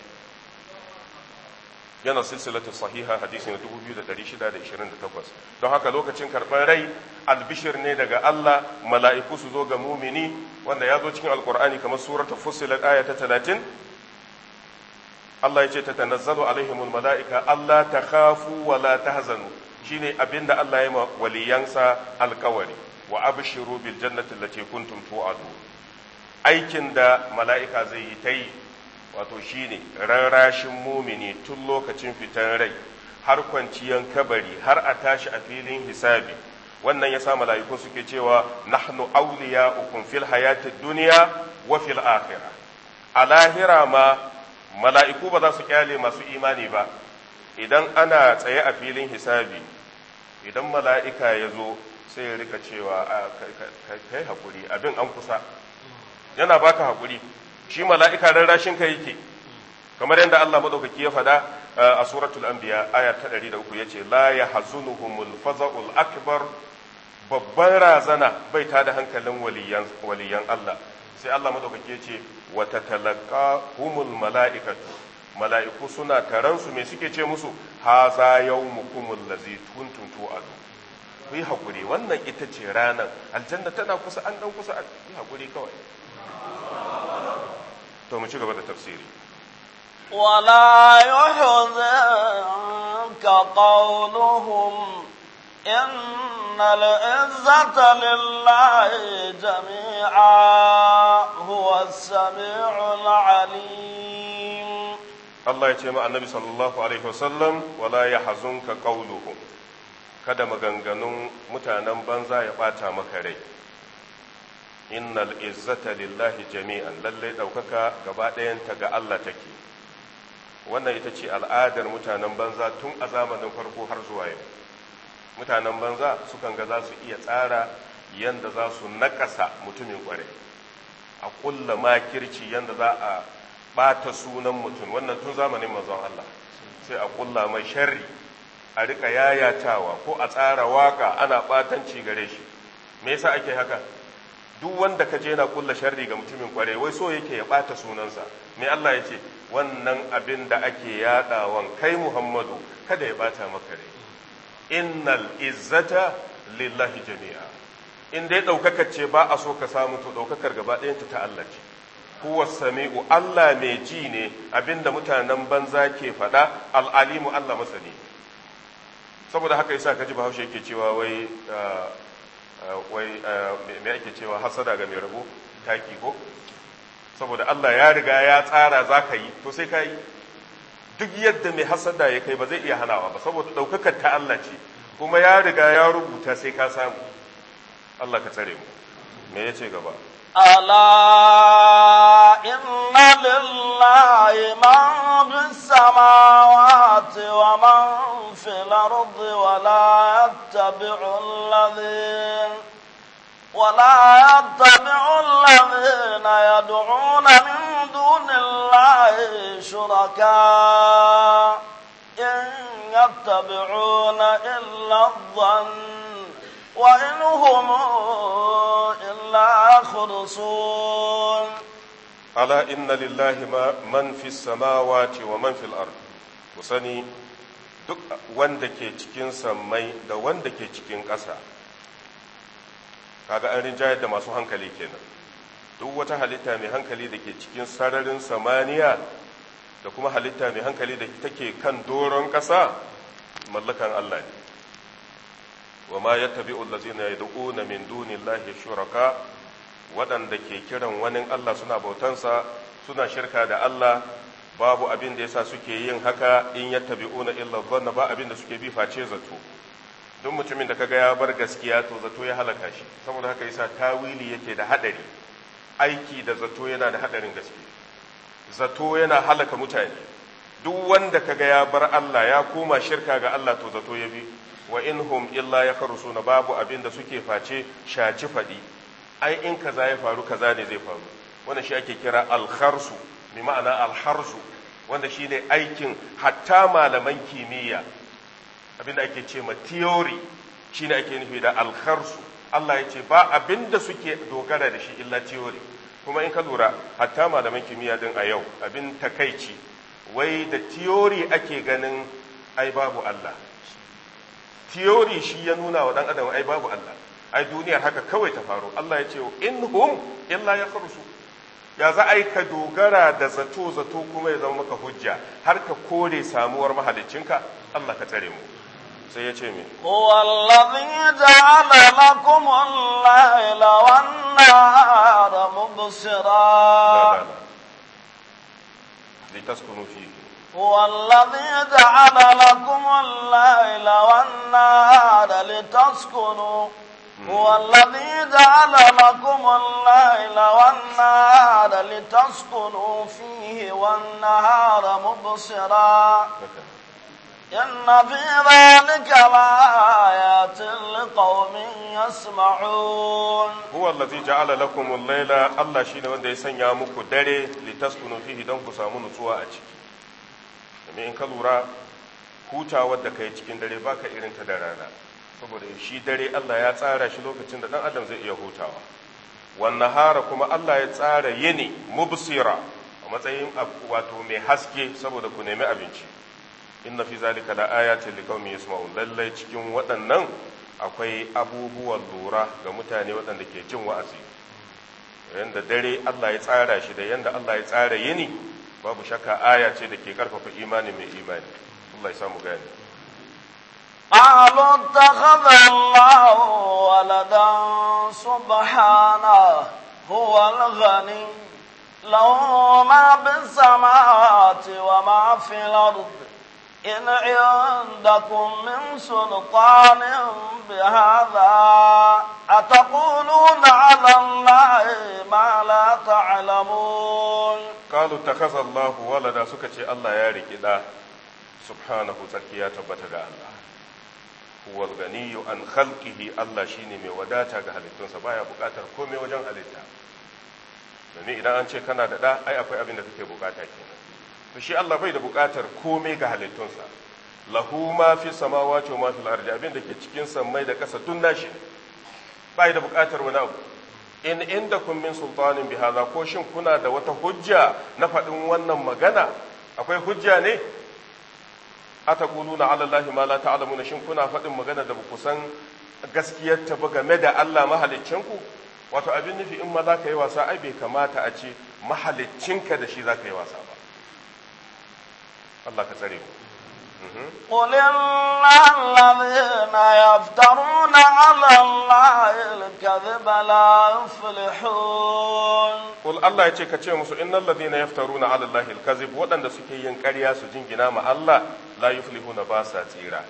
yana silsilatu sahiha hadisi na 2628 don haka lokacin karɓar rai albishir ne daga Allah mala'iku su zo ga mumini wanda ya zo cikin alkur'ani kamar suratul fussilat aya ta 30 Allah ya ce ta tanazzalu alaihimul mala'ika Allah ta khafu wa la tahzanu shine abinda Allah ya ma waliyansa alkawari wa abshiru bil da allati kuntum tu'adu aikin da mala'ika zai yi ta yi wato shine rarrashin mumini tun lokacin fitan rai har kwanciyan kabari har a tashi a filin hisabi wannan yasa mala'iku suke cewa nahnu ukun fil hayatid duniya wa fil akhira a lahira ma mala'iku ba za su kyale masu imani ba idan ana tsaye a filin hisabi idan mala'ika ya zo sai ya rika cewa kai haƙuri abin an kusa yana baka haƙuri shi mala'ika don ka yake kamar yadda Allah maɗaukaki ya fada a suratul anbiya aya ta 103 ya ce la ya hazunuhumul faza'ul akbar babban razana bai ta da hankalin waliyan Allah sai Allah madaukake ce wa humul mala'ikatu mala'iku suna taransu su me suke ce musu Ha za yawmukum allazi kuntum tu'adu ku yi hakuri wannan ita ce ranar aljanna tana kusa an dan kusa yi hakuri kawai to mu ci gaba da tafsiri ولا يحزنك qawluhum إن العزة لله جميعا هو السميع العليم الله يتيما النبي صلى الله عليه wala ya hazunka قولهم kada maganganun mutanen banza ya ɓata maka rai innal izzata lillahi jami'an lallai ɗaukaka gaba ɗayanta ga Allah take wannan ita ce al'adar mutanen banza tun a zamanin farko har zuwa yau mutanen banza sukan ga za su iya tsara yadda za su nakasa mutumin kware a kulla makirci yadda za a bata sunan mutum wannan tun zamanin mazan Allah sai a kulla mai sharri a rika yayatawa ko a tsara waka ana batanci gare shi me yasa ake haka duk wanda ka je na kulla sharri ga mutumin kware wai so yake ya bata sunansa me Allah ya ce wannan abin da ake yadawan kai Muhammadu kada ya bata maka rai innal izzata lillahi jami'a in dai ɗaukakar ce ba a so ka samu to ɗaukakar gaba ɗayanta ta Allah ce huwa sami'u Allah mai ji ne abinda mutanen banza ke faɗa al'alimu Allah masani saboda haka yasa kaji bahaushe yake cewa wai ah, ah, wai ah, me ake cewa hasada ga mai rabo taki ko saboda Allah ya riga ya tsara za yi to sai ka yi duk yadda mai hasada ya kai ba zai iya hanawa ba saboda ɗaukakar ta Allah ce kuma ya riga ya rubuta sai ka samu Allah ka tsare mu me yace gaba lillahi ma bis samawati wa السماوات fil ardi wa la yattabi'u alladhi ولا يتبع الذين يدعون من دون الله شركاء إن يتبعون إلا الظن وإن هم إلا خرصون ألا إن لله ما من في السماوات ومن في الأرض وسني duk wanda ke cikin sammai da wanda ke cikin ƙasa kaga an rinjayar da masu hankali kenan duk wata halitta mai hankali da ke cikin sararin samaniya da kuma halitta mai hankali da take kan doron ƙasa mallakan Allah ne wa ma yattabi'u allazina yad'una min lahi shuraka waɗanda ke kiran wani Allah suna bautansa suna shirka da Allah babu abin da yasa suke yin haka in Una illa dhanna ba abin da suke bi face zato don mutumin da kaga ya bar gaskiya to zato ya halaka shi saboda haka yasa tawili yake da hadari aiki da zato yana da hadarin gaske zato yana halaka mutane duk wanda kaga ya bar Allah ya koma shirka ga Allah to zato ya bi wa inhum illa yakrusuna babu abin da suke face shaci fadi ai in kaza ya faru kaza ne zai faru wannan shi ake kira al-kharsu bi ma'ana al-harsu wanda shine aikin hatta malaman kimiyya abinda ake ce ma theory shine ake nufi da alkharsu Allah ya ce ba abinda suke dogara da shi illa theory kuma in ka lura hatta malaman kimiyya din a yau abin takaici wai da theory ake ganin ai babu Allah theory shi ya nuna wa dan adam ai babu Allah ai duniyar haka kawai ta faru Allah ya ce in hum illa yakhrusu ya za a yi ka dogara da zato zato kuma ya zama maka hujja har ka kore samuwar mahaliccinka Allah ka tsare mu sai هو الذي جعل لكم الليل والنهار مبصرا al-laila wan-nahara mubsira هو الذي جعل لكم الليل والنهار لتسكنوا هو الذي جعل لكم الليل والنهار لتسكنوا فيه والنهار مبصرا إن في ذلك لآيات لقوم يسمعون هو الذي جعل لكم الليل الله شيء muku dare litaskunu fihi dan ku samu nutsuwa a ciki domin in ka lura hutawa da kai cikin dare baka irin ta da rana saboda shi dare Allah ya tsara shi lokacin da dan adam zai iya hutawa Wannan hara kuma Allah ya tsara yini mubsira a matsayin wato mai haske saboda ku nemi abinci inna fi zalika da ayatin liqaumi yasma'un lallai cikin waɗannan akwai abubuwan lura ga mutane waɗanda ke jin wa'azi yanda dare Allah ya tsara shi da yanda Allah ya tsara yini babu shakka aya ce da ke karfafa imani mai imani Allah ya samu gani أعلم اتخذ الله ولدا سبحانه هو الغني له ما بالسماوات وما في Ina iyan dakunan sulƙwanin bihar za. Ata ƙulu na zan lalace, malaka calamun. Kano ta kaza, Walla da suka ce Allah ya riƙe ɗa, subhana hu, tsarki ya tabbata ga Allah. Walganiyu an halki Allah shi mai wadata ga halittunsa, ba ya buƙatar komai wajen halitta. Dami idan an ce kana na da ɗa, ai akwai abin da kake bukata kenan. to shi Allah bai da buƙatar komai ga halittunsa lahu ma fi samawa ce ma fi ardi abin da ke cikin sammai da ƙasa tun nashi bai da buƙatar wani abu in inda kun min sultanin bi ko shin kuna da wata hujja na faɗin wannan magana akwai hujja ne ataquluna na allahi ma la na shin kuna faɗin magana da ku san gaskiyar ta game da Allah mahaliccin wato abin nufi in ma za ka yi wasa ai bai kamata a ce mahaliccinka da shi za ka yi wasa ba Allah ka tsare Kul Allah ya ce ka ce musu inna ladi na yafta runa Allah ilkazib waɗanda suke yin ƙariya su jin gina ma Allah la yi tsira,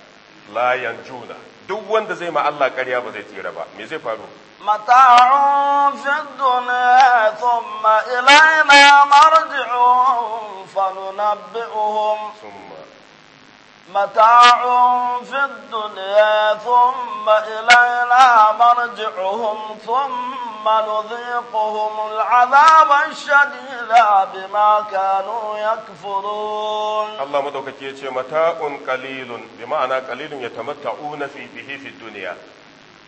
la yanjuna. Duk wanda zai ma Allah ƙariya ba zai tsira ba, me zai faru? متاع في الدنيا ثم إلينا مرجعهم فننبئهم ثم متاع في الدنيا ثم إلينا مرجعهم ثم نذيقهم العذاب الشديد بما كانوا يكفرون الله مدوكك يتي متاع قليل بمعنى قليل يتمتعون فيه به في الدنيا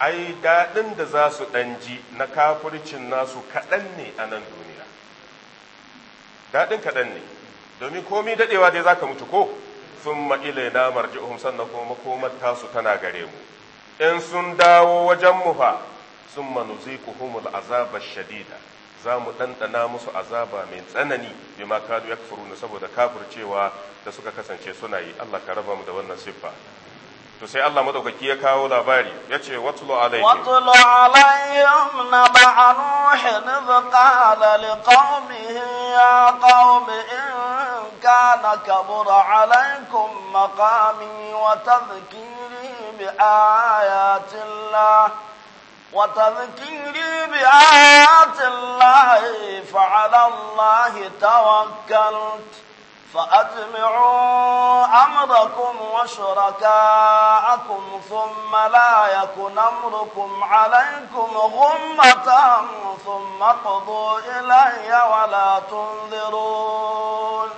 ai daɗin da za su ɗan na kafircin nasu kaɗan ne a nan duniya daɗin kaɗan ne domin komi daɗewa dai za ka mutu ko sun ma'ila na marji'uhum sannan kuma makomar tasu tana gare mu in sun dawo wajen mu fa sun manu zai manuziquhumul azaba shadida za mu ɗanɗana musu azaba mai tsanani bi ma kadu yakfuruna saboda kafircewa da suka kasance suna yi Allah ka raba mu da wannan siffa to sai Allah madaukaki ya kawo labari yace watlu watulu watlu watulu alaihim na ba'anuhin qala liqaumihi ya qaumi in kana kabura alaykum maqami wa tadhkiri bi ayati Allah ayati بآيات fa ala الله توكلت فأجمعوا أمركم وشركاءكم ثم لا يكن أمركم عليكم غمة ثم اقضوا إلي ولا تنذرون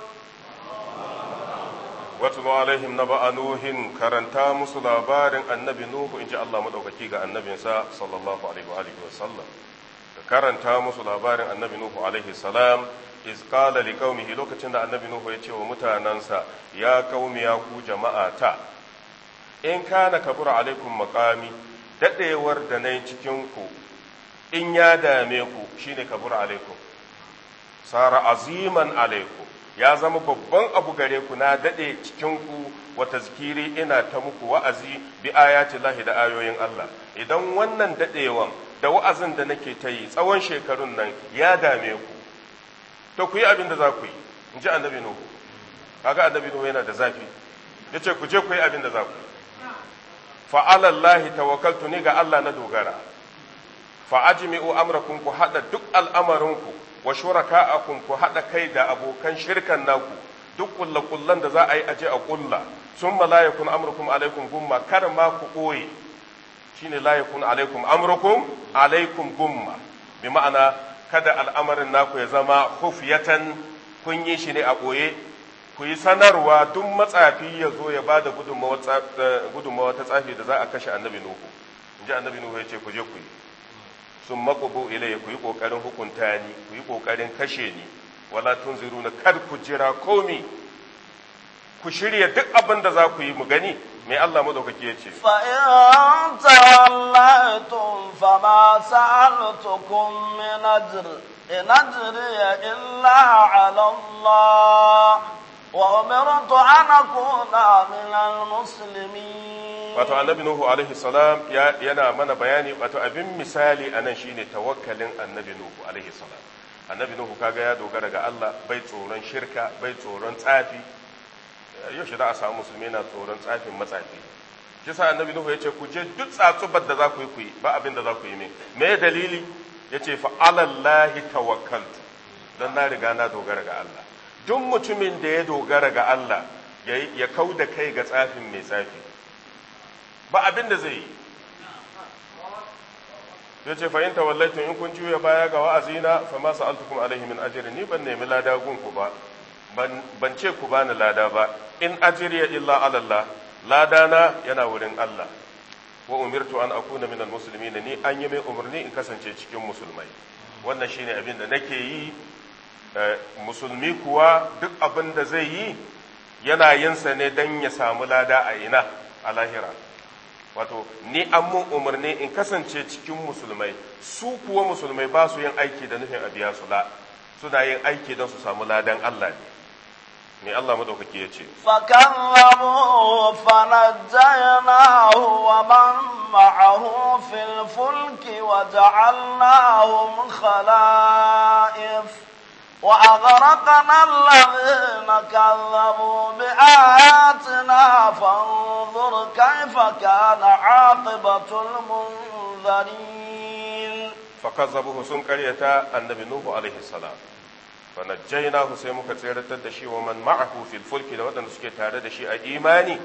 واتلو عليهم نبأ نوح كرنتا مسو لابارن النبي نوح إن شاء الله مدوكي ga annabinsa sallallahu alaihi wa alihi wa sallam karanta musu labarin annabi nuhu alaihi salam iz qala liqaumihi lokacin da annabi nuhu ya ce wa mutanansa ya qaumi ya ku jama'ata in kana kabura alaikum maqami dadewar da nayi cikin ku in ya dame ku shine kabura alaikum sara aziman alaikum ya zama babban abu gare ku na dade cikin ku wa tazkiri ina ta muku wa'azi bi ayati llahi da ayoyin Allah idan wannan dadewan da wa'azin da nake ta yi tsawon shekarun nan ya dame ku to ku yi abin da za ku yi in ji annabi nuhu kaga annabi nuhu yana da zafi ya ce ku je ku yi abin da za ku yi fa'alallahi tawakaltu ni ga Allah na dogara fa'ajimiu amrakum ku haɗa duk al'amarinku wa kun ku haɗa kai da abokan shirkan naku duk kullakullan da za a yi aje a kulla sun ma layakun amrukum alaikun gumma kar ma ku ɓoye. Shi ne layakun alaikum amrukum alaikun gumma bi ma'ana kada al'amarin naku ya zama hufiyatan kun yi shi ne a ɓoye ku yi sanarwa duk matsafi ya zo ya ba da gudunmawa eh, ta tsafi da za a kashe annabi nuhu in ji annabi nuhu ya ce ku je ku yi sun maƙubu ilayya ku yi ƙoƙarin hukunta ni ku yi ƙoƙarin kashe ni wala tun ziru na kar ku jira komi ku shirya duk abin da za ku yi mu gani mai Allah madaukaki ya ce fa'in tawallaitum fama sa'altukum min ajr in ajriya illa 'ala wa umirtu an akuna min wato annabi nuhu alaihi salam yana mana bayani wato abin misali anan shine tawakkalin annabi nuhu alaihi salam annabi nuhu kaga ya dogara ga Allah bai tsoron shirka bai tsoron tsafi yaushe za a samu musulmi na tsoron tsafin matsafi shi sa annabi nuhu ya ce ku je duk tsatsubar da za ku yi ku ba abin da za ku yi min me dalili ya ce fa alallahi tawakkaltu don na riga na dogara ga Allah duk mutumin da ya dogara ga Allah ya kau da kai ga tsafin mai tsafi ba abin da zai yi ya ce fahimta wallaitun in kun juya baya ga wa'azina fa ma sa'altukum alaihi min ajrin ni ban nemi lada gunku ba ban ce ku bani lada ba in ajiriya illa ala Allah ladana yana wurin Allah wa umirtu an akuna minal muslimin ni an yi mai umarni in kasance cikin musulmai wannan shine abin da nake yi eh, musulmi kuwa duk abin da zai yi yana yin sa ne dan ya samu lada a ina a lahira wato ni an mun umarni in kasance cikin musulmai su kuwa musulmai ba su yin aiki da nufin a biya su la suna yin aiki don su samu ladan Allah ne me Allah madaukaki ya ce fakarrabu fanajjaynahu wa fulki wa ja'alnahum wa aghraqna alladhina kadhabu bi ayatina fanzur kayfa kana 'aqibatu sun karyata annabi nuhu alayhi salam fanajjaynahu sai muka tseratar da shi wa man ma'ahu fulki da waɗanda suke tare da shi a imani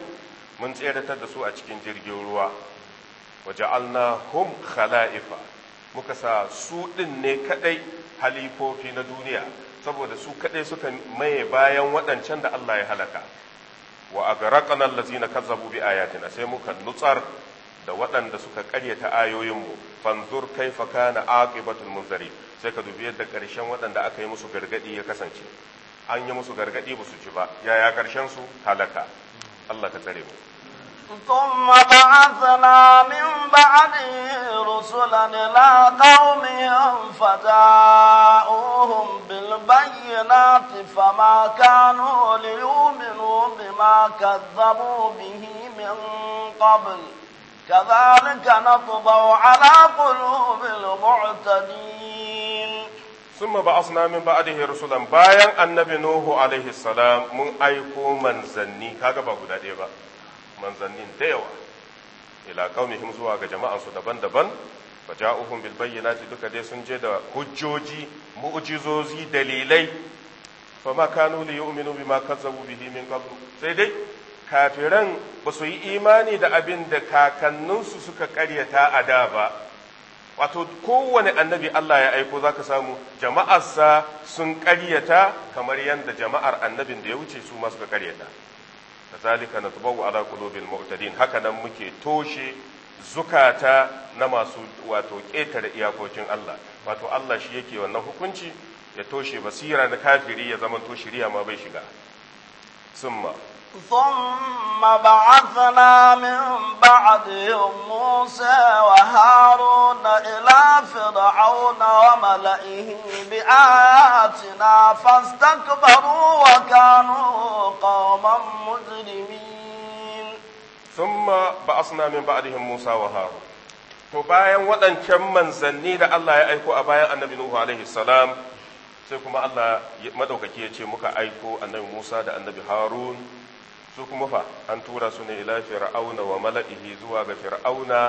mun tseratar da su a cikin jirgin ruwa waja'alna hum khala'ifa muka sa su din ne kadai halifofi na duniya saboda su kadai suka maye bayan waɗancan da Allah ya halaka wa lazina allazina kazzabu bi ayatina sai muka nutsar da waɗanda suka ƙaryata ayoyinmu fanzur kaifa kana aqibatul munzari sai ka dubi yadda ƙarshen waɗanda aka yi musu gargaɗi ya kasance an yi musu gargaɗi ba su ci ba yaya ƙarshen su halaka Allah ka tsare mu ثم بعثنا من بعده رسلا إلى قومهم فجاءوهم بالبينات فما كانوا ليؤمنوا بما كذبوا به من قبل كذلك نطبع على قلوب المعتدين ثم بعثنا من بعده رسولا bayan annabi nuhu alaihi salam mun aiko manzanni kaga ba guda ɗaya ba manzannin ta yawa ila qaumihim zuwa ga jama'ansu daban-daban faja'uhum bil bayyinati duka dai sun je da hujjoji mu'ujizozi, dalilai fa ma kanu li yu'minu bima kazzabu bihi min qabl sai dai kafiran ba su yi imani da abin da kakanninsu suka karyata a da ba wato kowane annabi Allah ya aiko za ka samu jama'arsa sun karyata kamar yadda jama'ar annabin da ya wuce su masu suka karyata na natbawu ala kulobin ma'utadin haka nan muke toshe zukata na masu wato ƙetare iyakokin Allah wato Allah shi yake wannan hukunci ya toshe basira na kafiri ya zama to shiriya ma bai shiga summa ثم بعثنا من بعدهم موسى وهارون إلى فرعون وملئه بآياتنا فاستكبروا وكانوا قوما مجرمين ثم بعثنا من بعدهم موسى وهارون to bayan waɗancan manzanni da Allah ya aiko a bayan annabi Nuhu alaihi salam sai kuma Allah madaukaki ya ce muka aiko annabi Musa da annabi Harun su kuma fa an tura su ne ila fir'auna wa mala'ihi zuwa ga fir'auna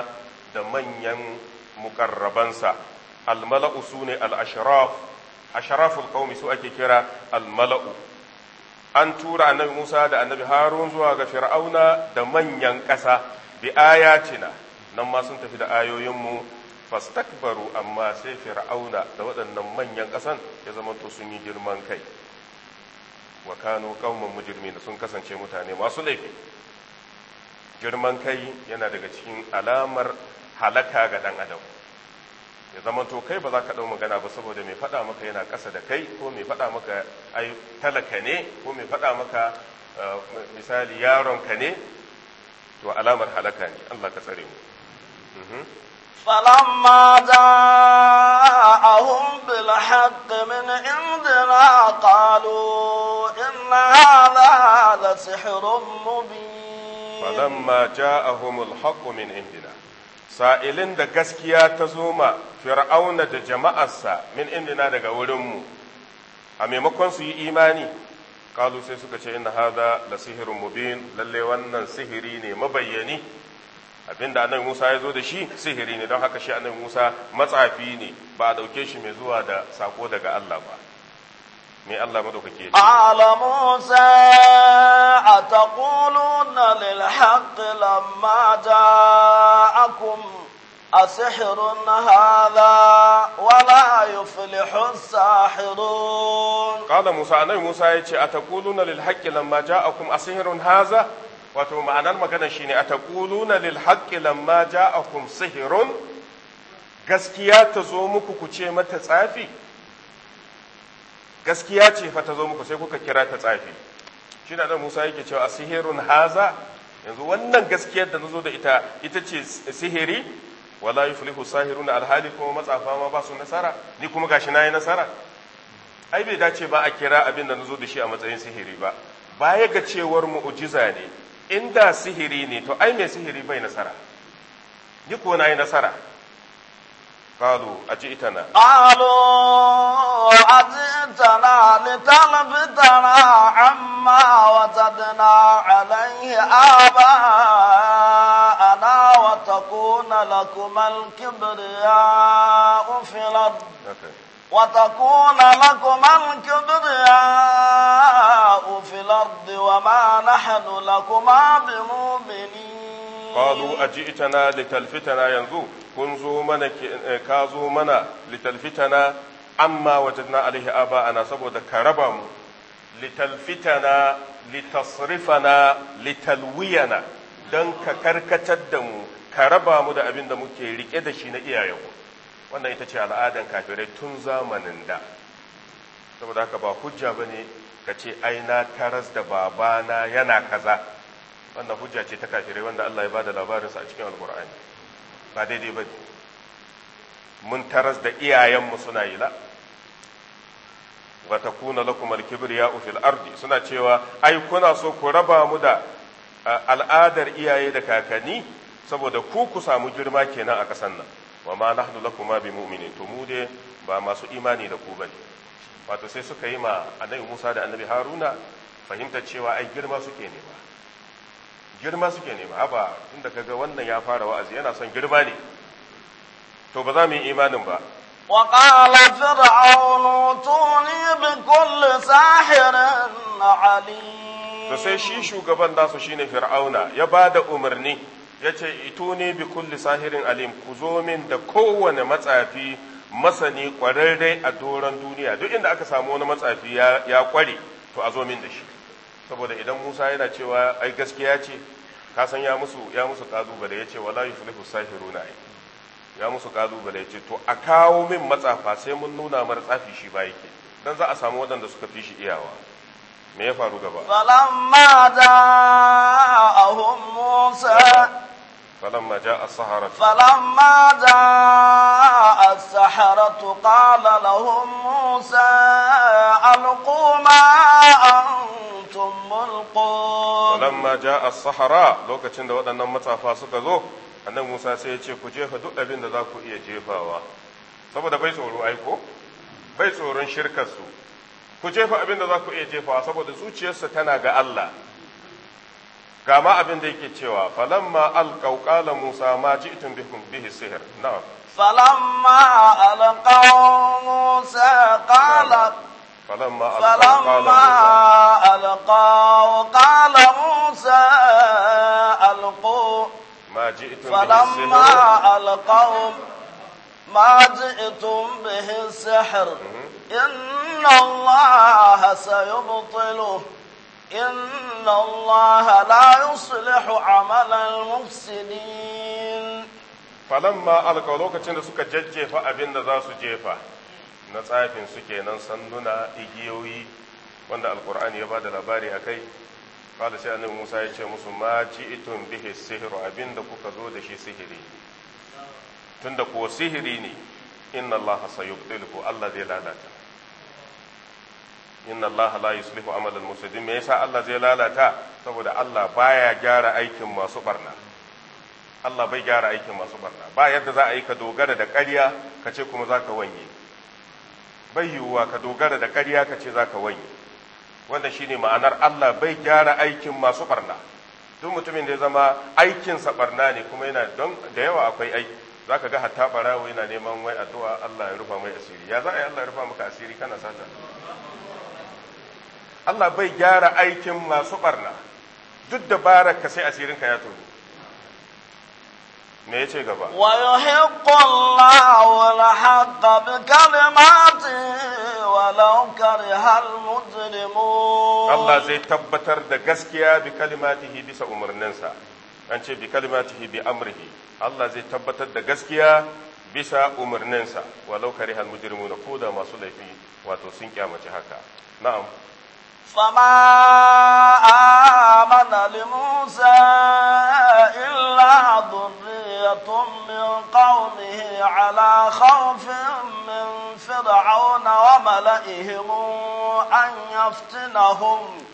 da manyan mukarrabansa almala'u su ne al'asharaf asharaful qaumi su ake kira almala'u an tura annabi Musa da annabi Harun zuwa ga fir'auna da manyan ƙasa bi ayatina nan ma sun tafi da ayoyinmu fastakbaru amma sai fir'auna da waɗannan manyan ƙasan ya to sun yi girman kai wa kano kauman mujirmi da sun kasance mutane masu laifi girman kai yana daga cikin alamar halaka ga dan adam ya zama to kai ba za ka ɗau magana ba saboda mai faɗa maka yana ƙasa da kai ko mai faɗa maka ai talaka ne ko mai faɗa maka ah, misali yaron ka ne to alamar halaka ne Allah ka tsare mu mhm. فلما جاءهم بالحق من عندنا قالوا إن هذا لسحر مبين فلما جاءهم الحق من عندنا sa'ilin da gaskiya ta zo ma. fir'auna da jama'arsa min indina daga mu. a maimakon su yi imani kalu sai suka ce inna hada da sihirun mubin lalle wannan sihiri ne mabayyani abinda annabi Musa ya zo da shi sihiri ne don haka shi annabi Musa matsafi ne ba a dauke shi mai zuwa da sako daga Allah ba me Allah madaukake ce ala Musa ataquluna lil haqq lamma ja'akum asihrun hadha wala yuflihu as-sahirun qala Musa annabi Musa yace ataquluna lil haqq lamma ja'akum asihrun hadha wato ma'anar magana shi ne a na lil haƙƙi, lamma ja'akum sihirun gaskiya ta zo muku ku ce mata tsafi gaskiya ce fa ta zo muku sai kuka kira ta tsafi shi da Musa yake cewa sihirun haza yanzu wannan gaskiyar da zo da ita ita ce sihiri wala sahiru sahirun alhali kuma matsafa ma ba su nasara ni kuma gashi na yi nasara ai bai dace ba a kira abin da zo da shi a matsayin sihiri ba baya ga cewar mu'ujiza ne inda sihiri ne to ai mai sihiri bai nasara ni ko na yi nasara قالوا أجئتنا قالوا أجئتنا لتلفتنا عما وجدنا عليه آباءنا وتكون لكما الكبرياء في الأرض okay. وتكون لكما الكبرياء في الأرض وما نحن لكما بمؤمنين قالوا أجئتنا لتلفتنا ينظو كنزو منا كازو منا لتلفتنا amma wajadna alaihi aba ana saboda ka raba mu litalfitana litasrifana litalwiyana don ka karkatar da mu ka raba mu da abin da muke riƙe da shi na iyayenmu wannan ita ce al'adar kafirai tun zamanin da saboda haka ba hujja ba ne ka ce ai taras da babana yana kaza wannan hujja ce ta kafirai wanda Allah ya ba da labarinsa a cikin alkur'ani ba daidai ba mun taras da iyayenmu suna yi la wa takuna lakum al-kibriya'u ufil ardi suna cewa ai kuna so ku raba mu da al'adar iyaye da kakanni saboda ku ku samu girma kenan a kasan nan wa ma nahnu lakuma bi mu'minin to mu dai ba masu imani da ku bane wato sai suka yi ma annabi Musa da annabi Haruna fahimta cewa ai girma suke nema girma suke nema haba tunda kaga wannan ya fara wa'azi yana son girma ne to ba za mu yi imanin ba وقال tuni bi بكل ساحر عليم to sai shi shugaban nasu shine fir'auna ya bada umarni ya ce ne bi kulli sahirin alim ku zo min da kowane matsafi masani ƙwararre a doron duniya duk inda aka samu wani matsafi ya ƙware to a zo min da shi saboda idan musa yana cewa ai gaskiya ce ka san ya musu ya musu kalubale ya ce wala yuflihu sahiruna ai ya musu kalubale ya ce to a kawo min matsafa sai mun nuna mar tsafi shi ba yake dan za a samu waɗanda suka fi shi iyawa me ya faru gaba falamma ja'ahum musa فلما جاء السحرة فلما جاء السحرة قال لهم موسى ألقوا ما أنتم ملقون فلما جاء السحرة لوكا تشند ودنا متى فاسك ذو أن موسى سيتي كجيفة دؤ أبين ذاكو إيا جيفاوا saboda bai tsoro aiko bai tsoron shirkarsu ku jefa abin da za ku iya jefawa saboda zuciyarsa tana ga Allah ga ma abin da yake cewa falamma alqaw qala musa ma ji'tum bikum bihi sihr na'am falamma alqaw musa qala فلما ألقوا قال موسى ألقوا ما جئتم فلما ألقوا ما جئتم به السحر إن الله سيبطله إن a لا يصلح عمل المفسدين فلما ألقوا لوكتين سكا ججيفا أبين ذا jefa na tsafin su kenan sanduna igiyoyi wanda Alƙur'ani ya ba da labari a kai kala sai annabi musa ya ce musu ma ji itun bihi sihiru abinda kuka zo da shi sihiri tunda ko sihiri ne inna allaha sayubdilhu allah zai lalata inna allaha la yuslihu amal al-mufsidin me yasa Allah zai lalata saboda Allah baya gyara aikin masu barna Allah bai gyara aikin masu barna ba yadda za a yi ka dogara da ƙarya ka ce kuma za ka wanye bai yiwuwa ka dogara da ƙarya ka ce za ka wanye wanda shine ma'anar Allah bai gyara aikin masu barna duk mutumin da ya zama aikinsa barna ne kuma yana don da yawa akwai aiki za ka ga hatta barawo yana neman wai addu'a Allah ya rufa mai asiri ya za a yi Allah ya rufa maka asiri kana sata Allah bai gyara aikin masu barna duk da ka sai ka ya turu? me yace gaba wa yuhiqqu Allahu al-haqqa bi kalimati wa law kariha al Allah zai tabbatar da gaskiya bi kalimatihi bisa umarninsa an ce bi kalimatihi bi amrihi Allah zai tabbatar da gaskiya bisa umarninsa wa kariha al-mujrimuna ko da masu laifi wato sun kyamaci haka na'am فما آمن لموسى إلا ذرية من قومه على خوف من فرعون وملئهم أن يفتنهم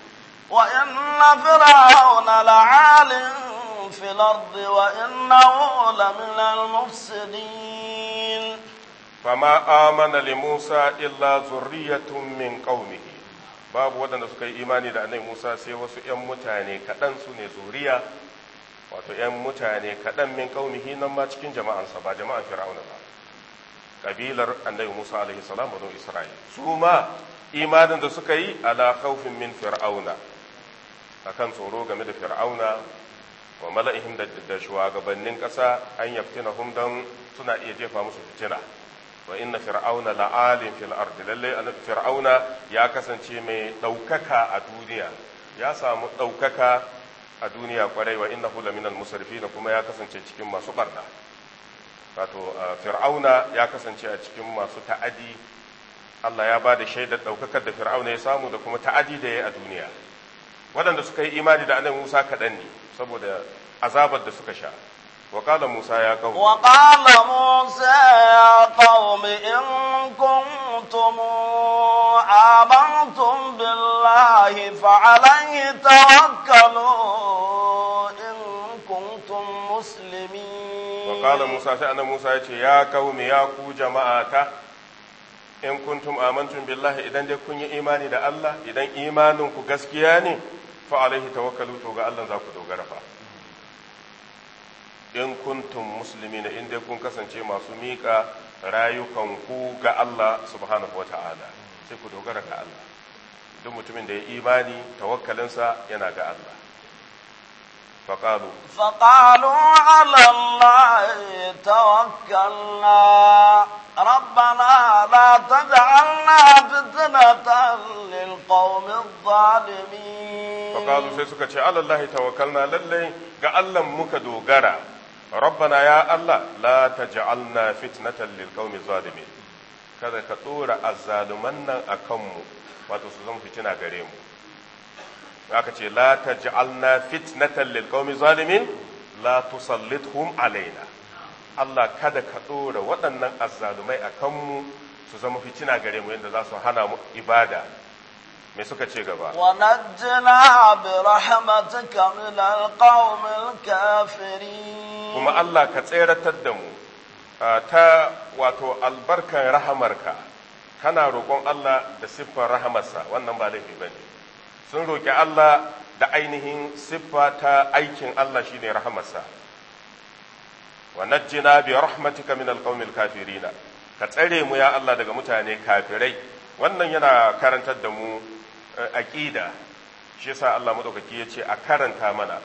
وإن فرعون لعال في الأرض وإنه لمن المفسدين فما آمن لموسى إلا ذرية من قومه babu waɗanda suka yi imani da annabi Musa sai wasu ‘yan mutane kaɗan su ne zuriya wato ‘yan mutane kaɗan min ƙaunihi nan ma cikin jama'ansa ba jama'an fir'auna ba ƙabilar annabi Musa alaihi salam banu Isra'il su ma imanin da suka yi ala khawfin min fir'auna akan tsoro game da fir'auna wa mala'ihim da shugabannin ƙasa an hum dan suna iya jefa musu fitina wa inna fir'auna la'alin fil ardi lalle fir'auna ya kasance mai daukaka a duniya ya samu daukaka a duniya kwarai wa innahu laminal musrifin kuma ya kasance cikin masu barna wato fir'auna ya kasance a cikin masu ta'adi Allah ya ba da shaidar daukakar da fir'auna ya samu da kuma ta'adi da ya a duniya waɗanda suka yi imani da annabi Musa kaɗan ne saboda azabar da suka sha وقال موسى يا قوم وقال موسى يا قوم إن كنتم آمنتم بالله فعليه توكلوا إن كنتم مسلمين وقال موسى سأنا موسى يا قوم يا كو جماعة in kuntum amantum billahi idan dai kun yi imani da Allah idan imanin ku gaskiya ne fa alaihi to ga Allah za ku dogara fa in kuntum musulmi in dai kun kasance masu miƙa rayukanku ga Allah subhanahu wa ta'ala sai ku dogara ga Allah duk mutumin da ya imani tawakkalinsa yana ga Allah فقالوا فقالوا على الله توكلنا ربنا لا تجعلنا فتنة للقوم الظالمين فقالوا سيسكت على الله توكلنا للي قال لهم مكدو قرأ rabbana ya Allah la taj'alna fitnatan lil qaumi zalimin kada ka dora azzaluman nan a kanmu wato su zama fitina gare mu aka ce la ta taj'alna fitnatan lil qaumi zalimin la tusallithum alaina Allah kada ka dora waɗannan azzalumai a kanmu su zama fitina gare mu yadda za su hana mu ibada me suka ce gaba wanajjina bi rahmatika min alqawmil kafirin kuma Allah ka tseratar da mu ta wato albarkan rahamarka kana roƙon Allah da siffar rahamarsa wannan ba laifi bane sun roƙi Allah da ainihin siffa ta aikin Allah shine rahamarsa wanajjina bi rahmatika min alqawmil kafirin ka tsare mu ya Allah daga mutane kafirai wannan yana karantar da mu Eh, aƙida shi sa Allah ya ce a karanta mana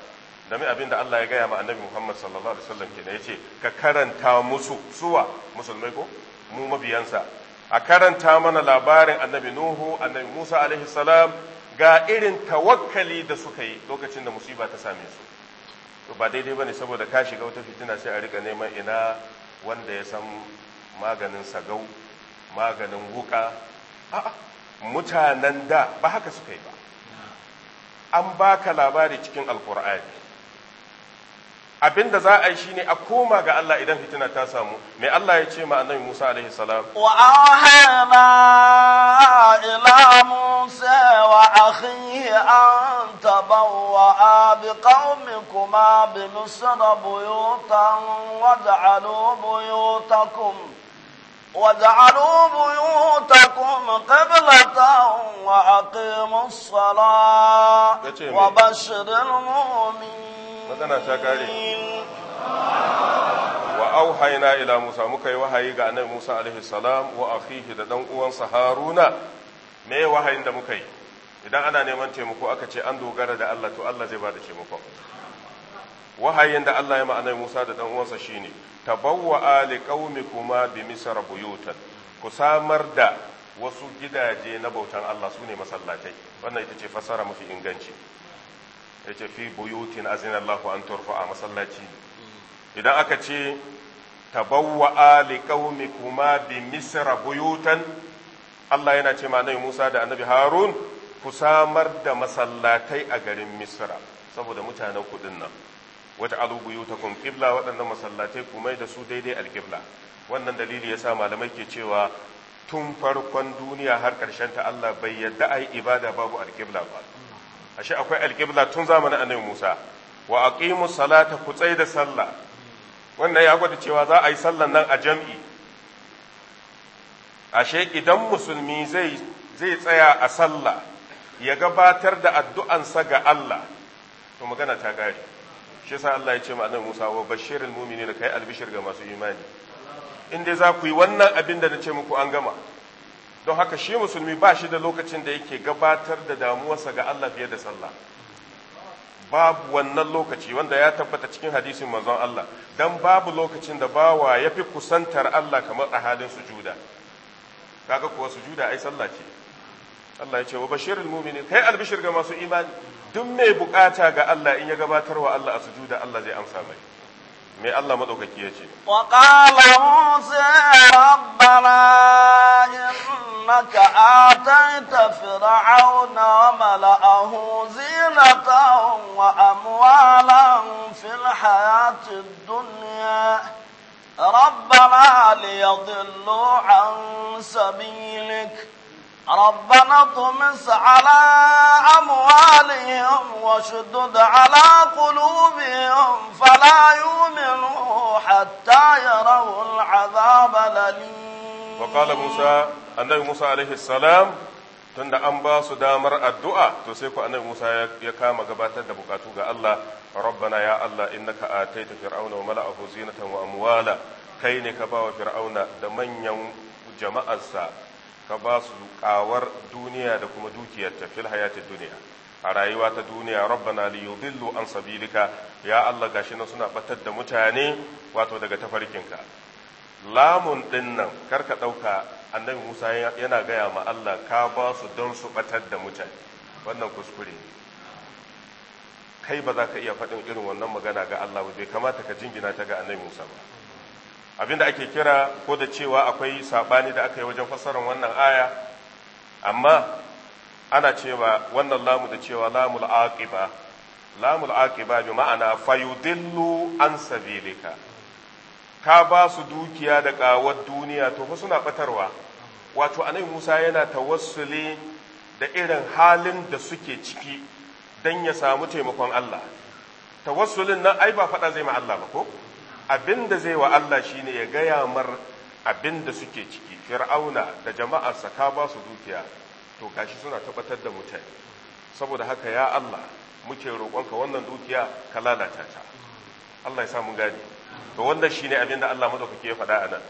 da mai da Allah ya gaya ma annabi Muhammad sallallahu alaihi wasallam kenan ce ka karanta musu suwa musulmai ko mu mabiyansa a karanta mana labarin annabi Nuhu annabi Musa alaihi salam ga irin tawakkali da suka yi lokacin da musiba ta same su to ba daidai bane saboda ka shiga wata fitina sai a rika neman ina wanda ya san maganin sagau maganin wuka a'a mutanen da ba haka suka yi ba an baka labari cikin alkur'ani abin da za a yi shine a koma ga Allah idan fitina ta samu mai Allah ya ce ma annabi Musa alaihi salam wa ahana ila Musa wa akhihi an tabawwa bi qaumikuma bi nusra buyutan waj'alu buyutakum واجعلوا بُيُوتَكُمْ قِبْلَةً وَأَقِيمُوا الصَّلَاةَ وَبَشِّرِ الْمُؤْمِنِينَ وَأَوْحَيْنَا إِلَى مُوسَى إلى موسى مكي وحي عن موسى عليه السلام وأخيه دان uwansa Haruna me wahayin da muka yi idan ana neman taimako aka ce an اللَّهُ da Allah to Allah zai wahayin da Allah ya ma'anai Musa da dan uwansa shine tabawwa li kuma bi misr buyutan ku samar da wasu gidaje na bautan Allah sune masallatai wannan ita ce fasara mafi inganci yace fi buyutin azina Allahu an turfa masallaci idan aka ce tabawwa li kuma bi misr buyutan Allah yana ce ma'anai Musa da Annabi Harun ku samar da masallatai a garin Misra saboda mutanen kudin nan wata alubuyu ta kun ƙibla waɗannan masallatai kuma da su daidai alƙibla wannan dalili ya sa malamai ke cewa tun farkon duniya har ƙarshen ta Allah bai yadda a ibada babu alƙibla ba ashe akwai alƙibla tun zamanin annabi Musa wa aqimu salata ku tsai da sallah wannan ya gwada cewa za a yi sallan nan a jam'i ashe idan musulmi zai zai tsaya a sallah ya gabatar da addu'ansa ga Allah to magana ta gari shi sa Allah ya ce ma annabi Musa wa bashirul mu'minin kai albishir ga masu imani in dai za ku yi wannan abin da nace muku an gama don haka shi musulmi ba shi da lokacin da yake gabatar da damuwarsa ga Allah fiye da sallah babu wannan lokaci wanda ya tabbata cikin hadisin manzon Allah dan babu lokacin da bawa ya fi kusantar Allah kamar a halin sujuda kaga kuwa sujuda ai sallah ce Allah ya ce wa bashirul mu'minin kai albishir ga masu imani duk mai bukata ga Allah in ya gabatar wa Allah a sujuda Allah zai amsa mai mai Allah madaukaki ya ce wa qala musa rabbana innaka ataita fir'auna wa mala'ahu zinatan wa amwalan fil hayatid dunya ربنا ليضلوا عن سبيلك ربنا طمس على أموالهم وشدد على قلوبهم فلا يؤمنوا حتى يروا العذاب الأليم وقال موسى النبي موسى عليه السلام tunda an ba su damar addu'a to sai ku annabi Musa ya kama gabatar da bukatu ga Allah rabbana ya Allah in innaka ataita fir'auna wa mala'ahu zinatan wa amuwala kai ne ka bawa fir'auna da manyan jama'arsa ka ba su kawar duniya da kuma dukiyarta fil hayatid duniya a rayuwa ta duniya rabbana li yudillu an sabilika ya Allah gashi nan suna batar da mutane wato daga tafarkin ka lamun din nan karka dauka annabi Musa yana gaya ma Allah ka ba su don su batar da mutane wannan kuskure kai ba za ka iya faɗin irin wannan magana ga Allah ba bai kamata ka jingina ta ga annabi Musa ba Abin da ake kira ko da cewa akwai saɓani da aka yi wajen fassarar wannan aya amma ana cewa wannan lamu da cewa lamul aqiba lamul aqiba bi ma'ana fayudillu an sabilika ka ba su dukiya da kawar duniya to fa suna batarwa wato anai Musa yana tawassuli da irin halin da suke ciki dan ya samu taimakon Allah tawassulin nan ai ba faɗa zai ma Allah ba ko abin da zai wa Allah shine ya gaya mar abin da suke ciki fir'auna da jama'arsa ka ba su dukiya to gashi suna tabbatar da mutane saboda haka ya Allah muke roƙonka wannan dukiya ka lalata ta Allah ya sa mun gane to wannan shine abin da Allah madaukake ya faɗa anan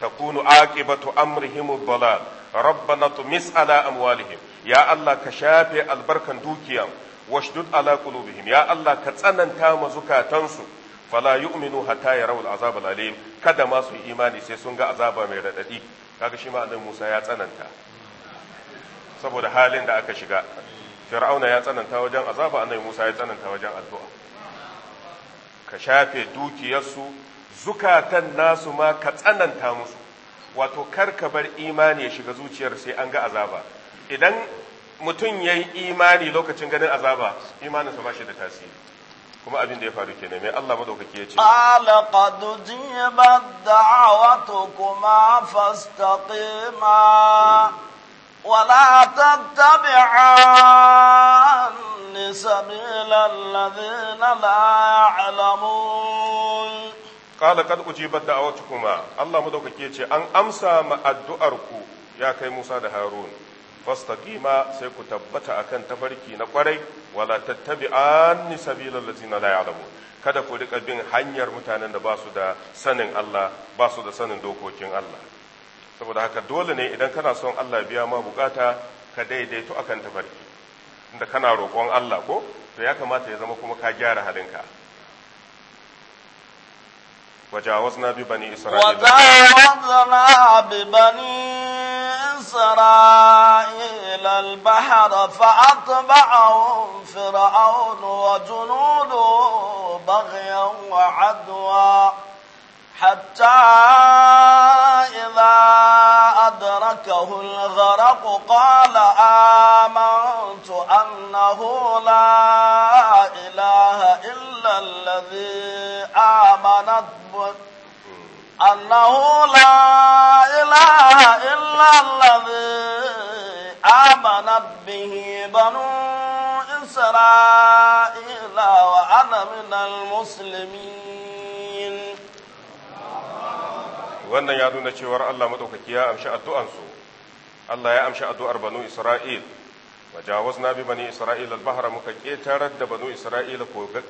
takunu aqibatu amrihim dhalal rabbana tumis ala amwalihim ya Allah ka shafe albarkan dukiyan washdud ala qulubihim ya Allah ka tsananta mazukatansu fala yu'minu hatta yarau al'azab al'alim kada ma su imani sai sun ga azaba mai radadi kaga shi ma annabi Musa ya tsananta saboda halin da aka shiga fir'auna ya tsananta wajen azaba annabi Musa ya tsananta wajen addu'a ka shafe dukiyarsu zukatan nasu ma ka tsananta musu wato kar ka bar imani ya shiga zuciyar sai an ga azaba idan mutum ya yi imani lokacin ganin azaba imaninsa ba shi da tasiri kuma abin da ya faru kenan mai Allah madaukake ya ce ala qad jibat da'awatukum fastaqima wala tattabi'a sabila alladhina la ya'lamun qala qad ujibat da'awatukum Allah madaukake ya ce an amsa ma addu'arku ya kai Musa da Harun fastaqima sai ku tabbata akan tafarki na kwarai wala tattabi tattabi'an sabilal ladzina la ya'lamun kada ku rika bin hanyar mutanen da ba su da sanin Allah ba su da sanin dokokin Allah saboda haka dole ne idan kana son Allah biya ma bukata ka daidaito akan tafarki inda kana roƙon Allah ko to ya kamata ya zama kuma ka gyara halinka وجاوزنا ببني إسرائيل وجاوزنا ببني إسرائيل البحر فأتبعهم فرعون وجنوده بغيا وعدوا حتى إذا أدركه الغرق قال آمنت أنه لا إله إلا الذي آمنت أنه لا إله إلا الذي آمنت به بنو إسرائيل وأنا من المسلمين wannan ya nuna cewar Allah madaukaki ya amshi addu'ansu Allah ya amshi addu'ar banu Isra'il wajawazna bi bani Isra'il al-bahra muka ketarar da banu Isra'il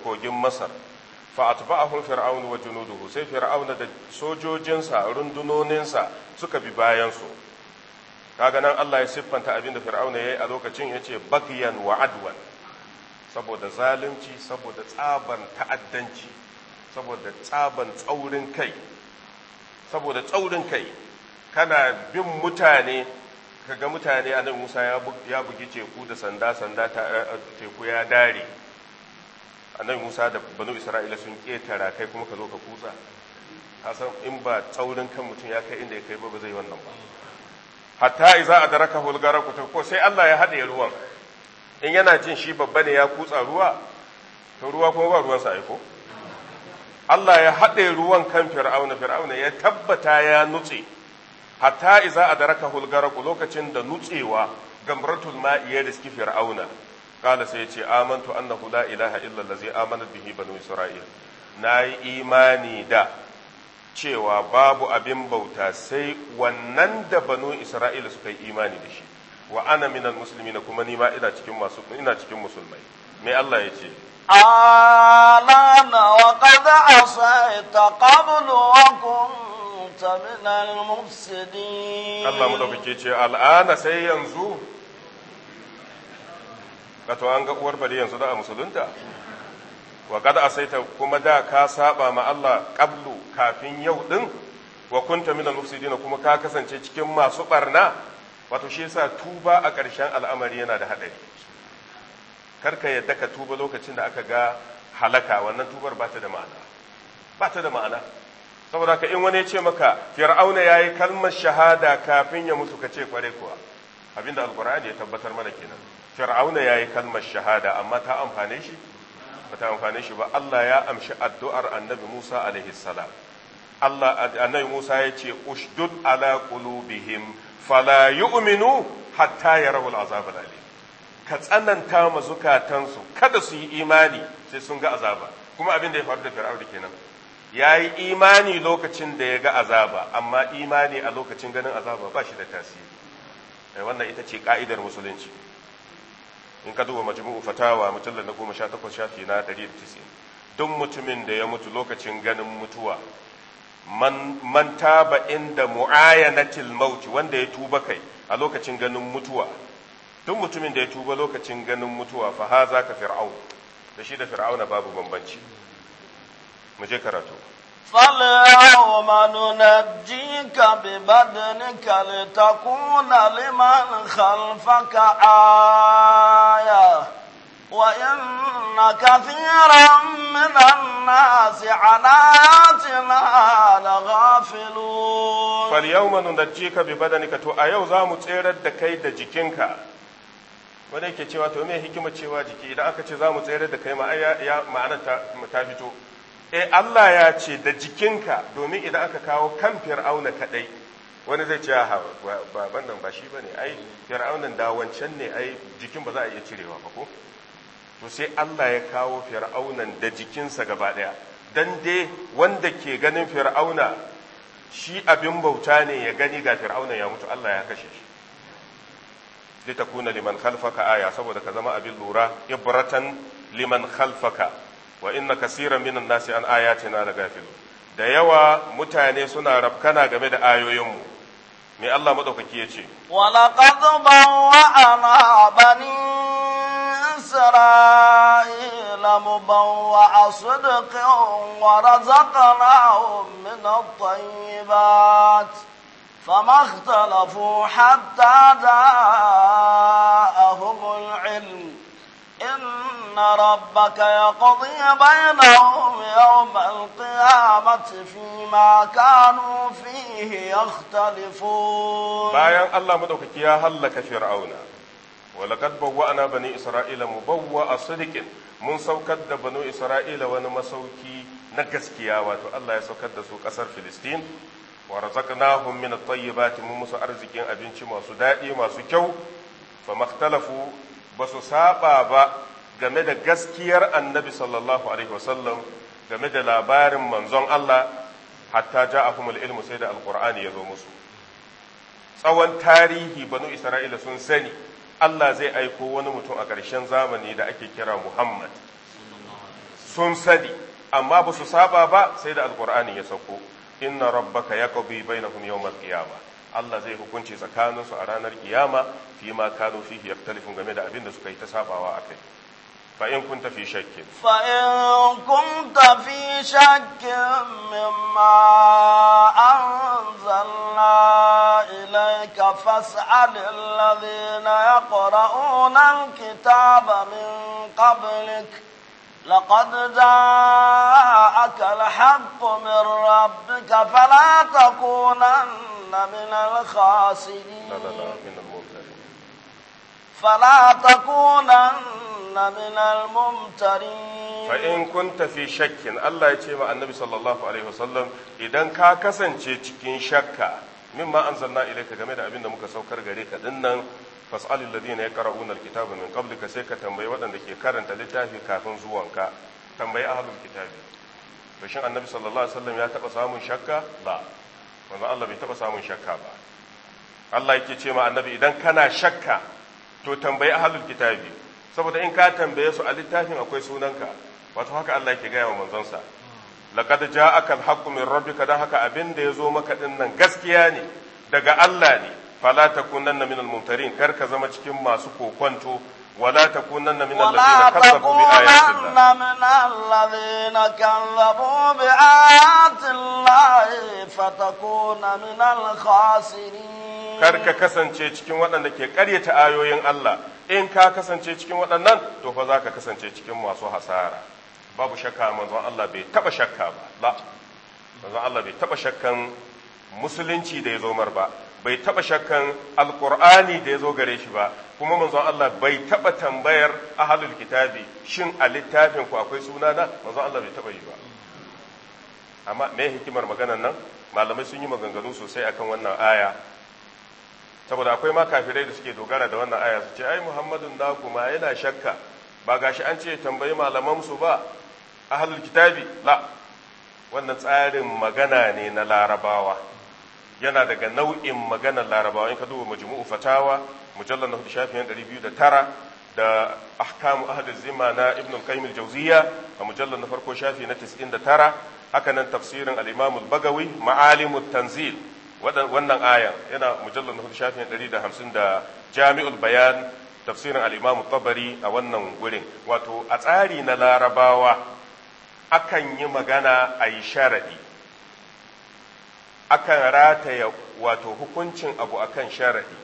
kogin Masar fa atba'ahum fir'aun wa junuduhu sai fir'auna da sojojinsa rundunoninsa suka bi bayan su kaga nan Allah ya siffanta abin da fir'auna yi a lokacin yace baghyan wa adwan saboda zalunci saboda tsaban ta'addanci saboda tsaban tsaurin kai saboda tsaurin kai kana bin mutane kaga mutane a nan musa ya bugi teku da sanda sanda eh, eh, teku ya dare annabi musa da banu isra'ila sun ƙetara kai kuma ka zo ka kutsa hasan in ba tsaurin kan mutum ya kai inda ya kai ba ba zai wannan ba hatta iza a daraka hulgara ku ko sai allah ya haɗe ruwan in yana jin shi babba ne ya kutsa ruwa to ruwa kuma ba ruwansa aiko Allah ya haɗe ruwan kan fir'auna fir'auna ya tabbata ya nutse hatta iza adraka hulgaraku lokacin da nutsewa gamratul ma'i ya riski fir'auna kala sai ya ce amantu annahu la ilaha illa allazi amanat bihi banu isra'il nayi imani da cewa babu abin bauta sai wannan da banu isra'ila suka yi imani da shi wa ana minal muslimina kuma ni ma ina cikin masu ina cikin musulmai me Allah ya ce آلان وقد عصيت قبل وكنت من المفسدين الله مدوكيكي الآن سي ينزو wato an ga uwar bari yanzu da a musulunta wa kada asaita kuma da ka saba ma Allah qablu kafin yau ɗin wa kunta kuma ka kasance cikin masu ɓarna. wato shi yasa tuba a ƙarshen al'amari yana da haɗari. karka yadda ka tuba lokacin da aka ga halaka wannan tubar ba ta da ma'ana ba ta da ma'ana saboda ka in wani ya ce maka fir'auna ya yi kalmar shahada kafin ya mutu ka ce kware kuwa abinda alkur'an ya tabbatar mana kenan fir'auna ya yi kalmar shahada amma ta amfane shi ba ta amfane shi ba allah ya amshi addu'ar annabi musa alaihi salam allah annabi musa ya ce ushdud ala qulubihim fala yu'minu hatta yarawul azab al ka tsananta ma zukatansu kada su yi imani sai sun ga azaba kuma abin da ya faru da fir'auna kenan ya yi imani lokacin da ya ga azaba amma imani a lokacin ganin azaba ba shi da tasiri eh, wannan ita ce ka'idar musulunci in ka duba majmu'u fatawa mujallar na goma sha takwas shafi na ɗari da tisin duk mutumin da ya mutu lokacin ganin mutuwa man taba inda mu'ayanatil mauti wanda ya tuba kai a lokacin ganin mutuwa duk mutumin da ya tuba lokacin ganin mutuwa fa ha za ka fir'aun shi da fir'auna babu bambanci mu je karatu falawo manuna jinka bi badanika li takuna liman khalfaka aya wa inna kathiran min an-nasi anatina la ghafilun falyawma nunajjika bi badanika to ayau zamu tserar da kai da jikinka wanda yake cewa to mai hikimar cewa jiki idan aka ce za mu tsere da kai ma ya ta fito eh Allah ya ce da jikinka domin idan aka kawo kan fir'auna kadai wani zai ce ha ba bannan ba shi bane ai fir'aunan da wancan ne ai jikin ba za a iya cirewa ba ko to sai Allah ya kawo fir'aunan da jikinsa gaba daya dan dai wanda ke ganin fir'auna shi abin bauta ne ya gani ga fir'aunan ya mutu Allah ya kashe shi ta kuna liman khalfaka aya saboda ka zama abin lura ibratan liman khalfaka wa inna kasiran minan nasi an aya la gafilu da yawa mutane suna rafkana game da ayoyinmu me Allah madaukaki yace walaqad bawwa'ana bani إسرائيل مبوع صدق ورزقناهم من الطيبات فما اختلفوا حتى جاءهم العلم إن ربك يقضي بينهم يوم القيامة فيما كانوا فيه يختلفون bayan Allah madaukaki ya hallaka Fir'auna walaqad bawwa'na bani Isra'ila mubawwa'a sidqin mun saukar da banu Isra'ila wani masauki na gaskiya wato Allah ya saukar da su kasar Filistin wa razaqnahum min at-tayyibati mun musu arzikin abinci masu daɗi masu kyau talafu makhtalafu basu saba ba game da gaskiyar annabi sallallahu alaihi game da labarin manzon Allah hatta ja ja'ahumul ilmu sai da alkur'ani ya zo musu tsawon tarihi banu isra'ila sun sani Allah zai aiko wani mutum a ƙarshen zamani da ake kira Muhammad sun sani amma ba su saba ba sai da alqur'ani ya sauko inna rabbaka yaqdi bainahum yawma al-qiyamah Allah zai hukunci tsakaninsu a ranar ƙiyama fi ma kanu fihi yaktalifun game da abin da suka yi ta sabawa a kai. in tafi fi shakki fa in kunta fi shakki mimma anzalna ilayka fas'al alladhina yaqra'una al-kitaba min qablik لقد جاءك الحق من ربك فلا تكونن من الخاسرين لا لا لا من الممترين فلا تكونن من الممترين فإن كنت في شك الله يتيما النبي صلى الله عليه وسلم إذا كا كسنتي cikin shakka mimma anzalna ilayka game da abin da muka saukar gare ka dinnan fas'alil ladina yaqra'una alkitaba min qablika sai ka tambayi waɗanda ke karanta littafi kafin zuwanka tambayi ahlul kitabi to shin annabi sallallahu alaihi wasallam ya taɓa samun shakka ba manzo Allah bai taɓa samun shakka ba Allah yake ce ma annabi idan kana shakka to tambayi ahlul kitabi saboda in ka tambaye su a littafin akwai sunanka wato haka Allah yake gaya wa manzon sa laqad ja'aka alhaqqu min rabbika dan haka abin da zo maka din nan gaskiya ne daga Allah ne fala takunanna minal mumtarin kar ka zama cikin masu kokonto ولا تكونن من الذين كذبوا بآيات الله من الذين كذبوا بآيات الله فتكون من الخاسرين kar ka kasance cikin waɗanda ke ƙaryata ayoyin Allah in ka kasance cikin waɗannan to fa za ka kasance cikin masu hasara babu shakka manzon Allah bai taɓa shakka ba la manzon Allah bai taɓa shakkan musulunci da ya zomar ba bai taba shakkan alkur'ani da ya zo gare shi ba kuma manzon Allah bai taba tambayar ahlul kitabi shin a littafin ku akwai suna na manzon Allah bai taba yi ba amma me hikimar maganar nan malamai sun yi maganganu sosai akan wannan aya saboda akwai ma kafirai da suke dogara da wannan aya su ce ai muhammadun da kuma yana shakka ba gashi an ce tambayi malaman su ba ahlul kitabi la wannan tsarin magana ne na larabawa yana daga nau'in maganar larabawa in ka duba majmu'u fatawa mujallar na hudu shafin 209 da ahkamu ahli zimma na ibn al-qayyim al-jawziyya a mujallar na farko shafi na 99 haka nan tafsirin al-imam al-bagawi ma'alimut tanzil wannan ayan yana mujallar na hudu shafin 150 da jami'ul bayan tafsirin al-imam tabari a wannan gurin wato a tsari na larabawa akan yi magana a yi sharadi akan rataya wato hukuncin abu akan sharadi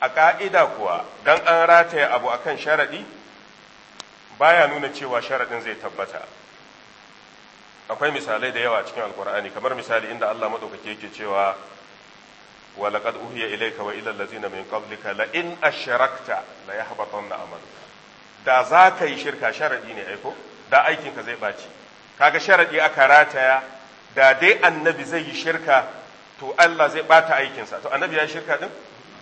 a ƙa'ida kuwa dan an rataya abu akan sharadi baya nuna cewa sharaɗin zai tabbata akwai misalai da yawa cikin alkur'ani kamar misali inda Allah madaukake yake cewa wa laqad uhiya ilayka wa ila allazina min qablika la in asharakta la yahbatanna amaluka da za ka yi shirka sharaɗi ne aiko da aikinka zai baci kaga sharaɗi aka rataya da dai annabi zai yi shirka to Allah zai bata aikinsa to annabi ya yi shirka din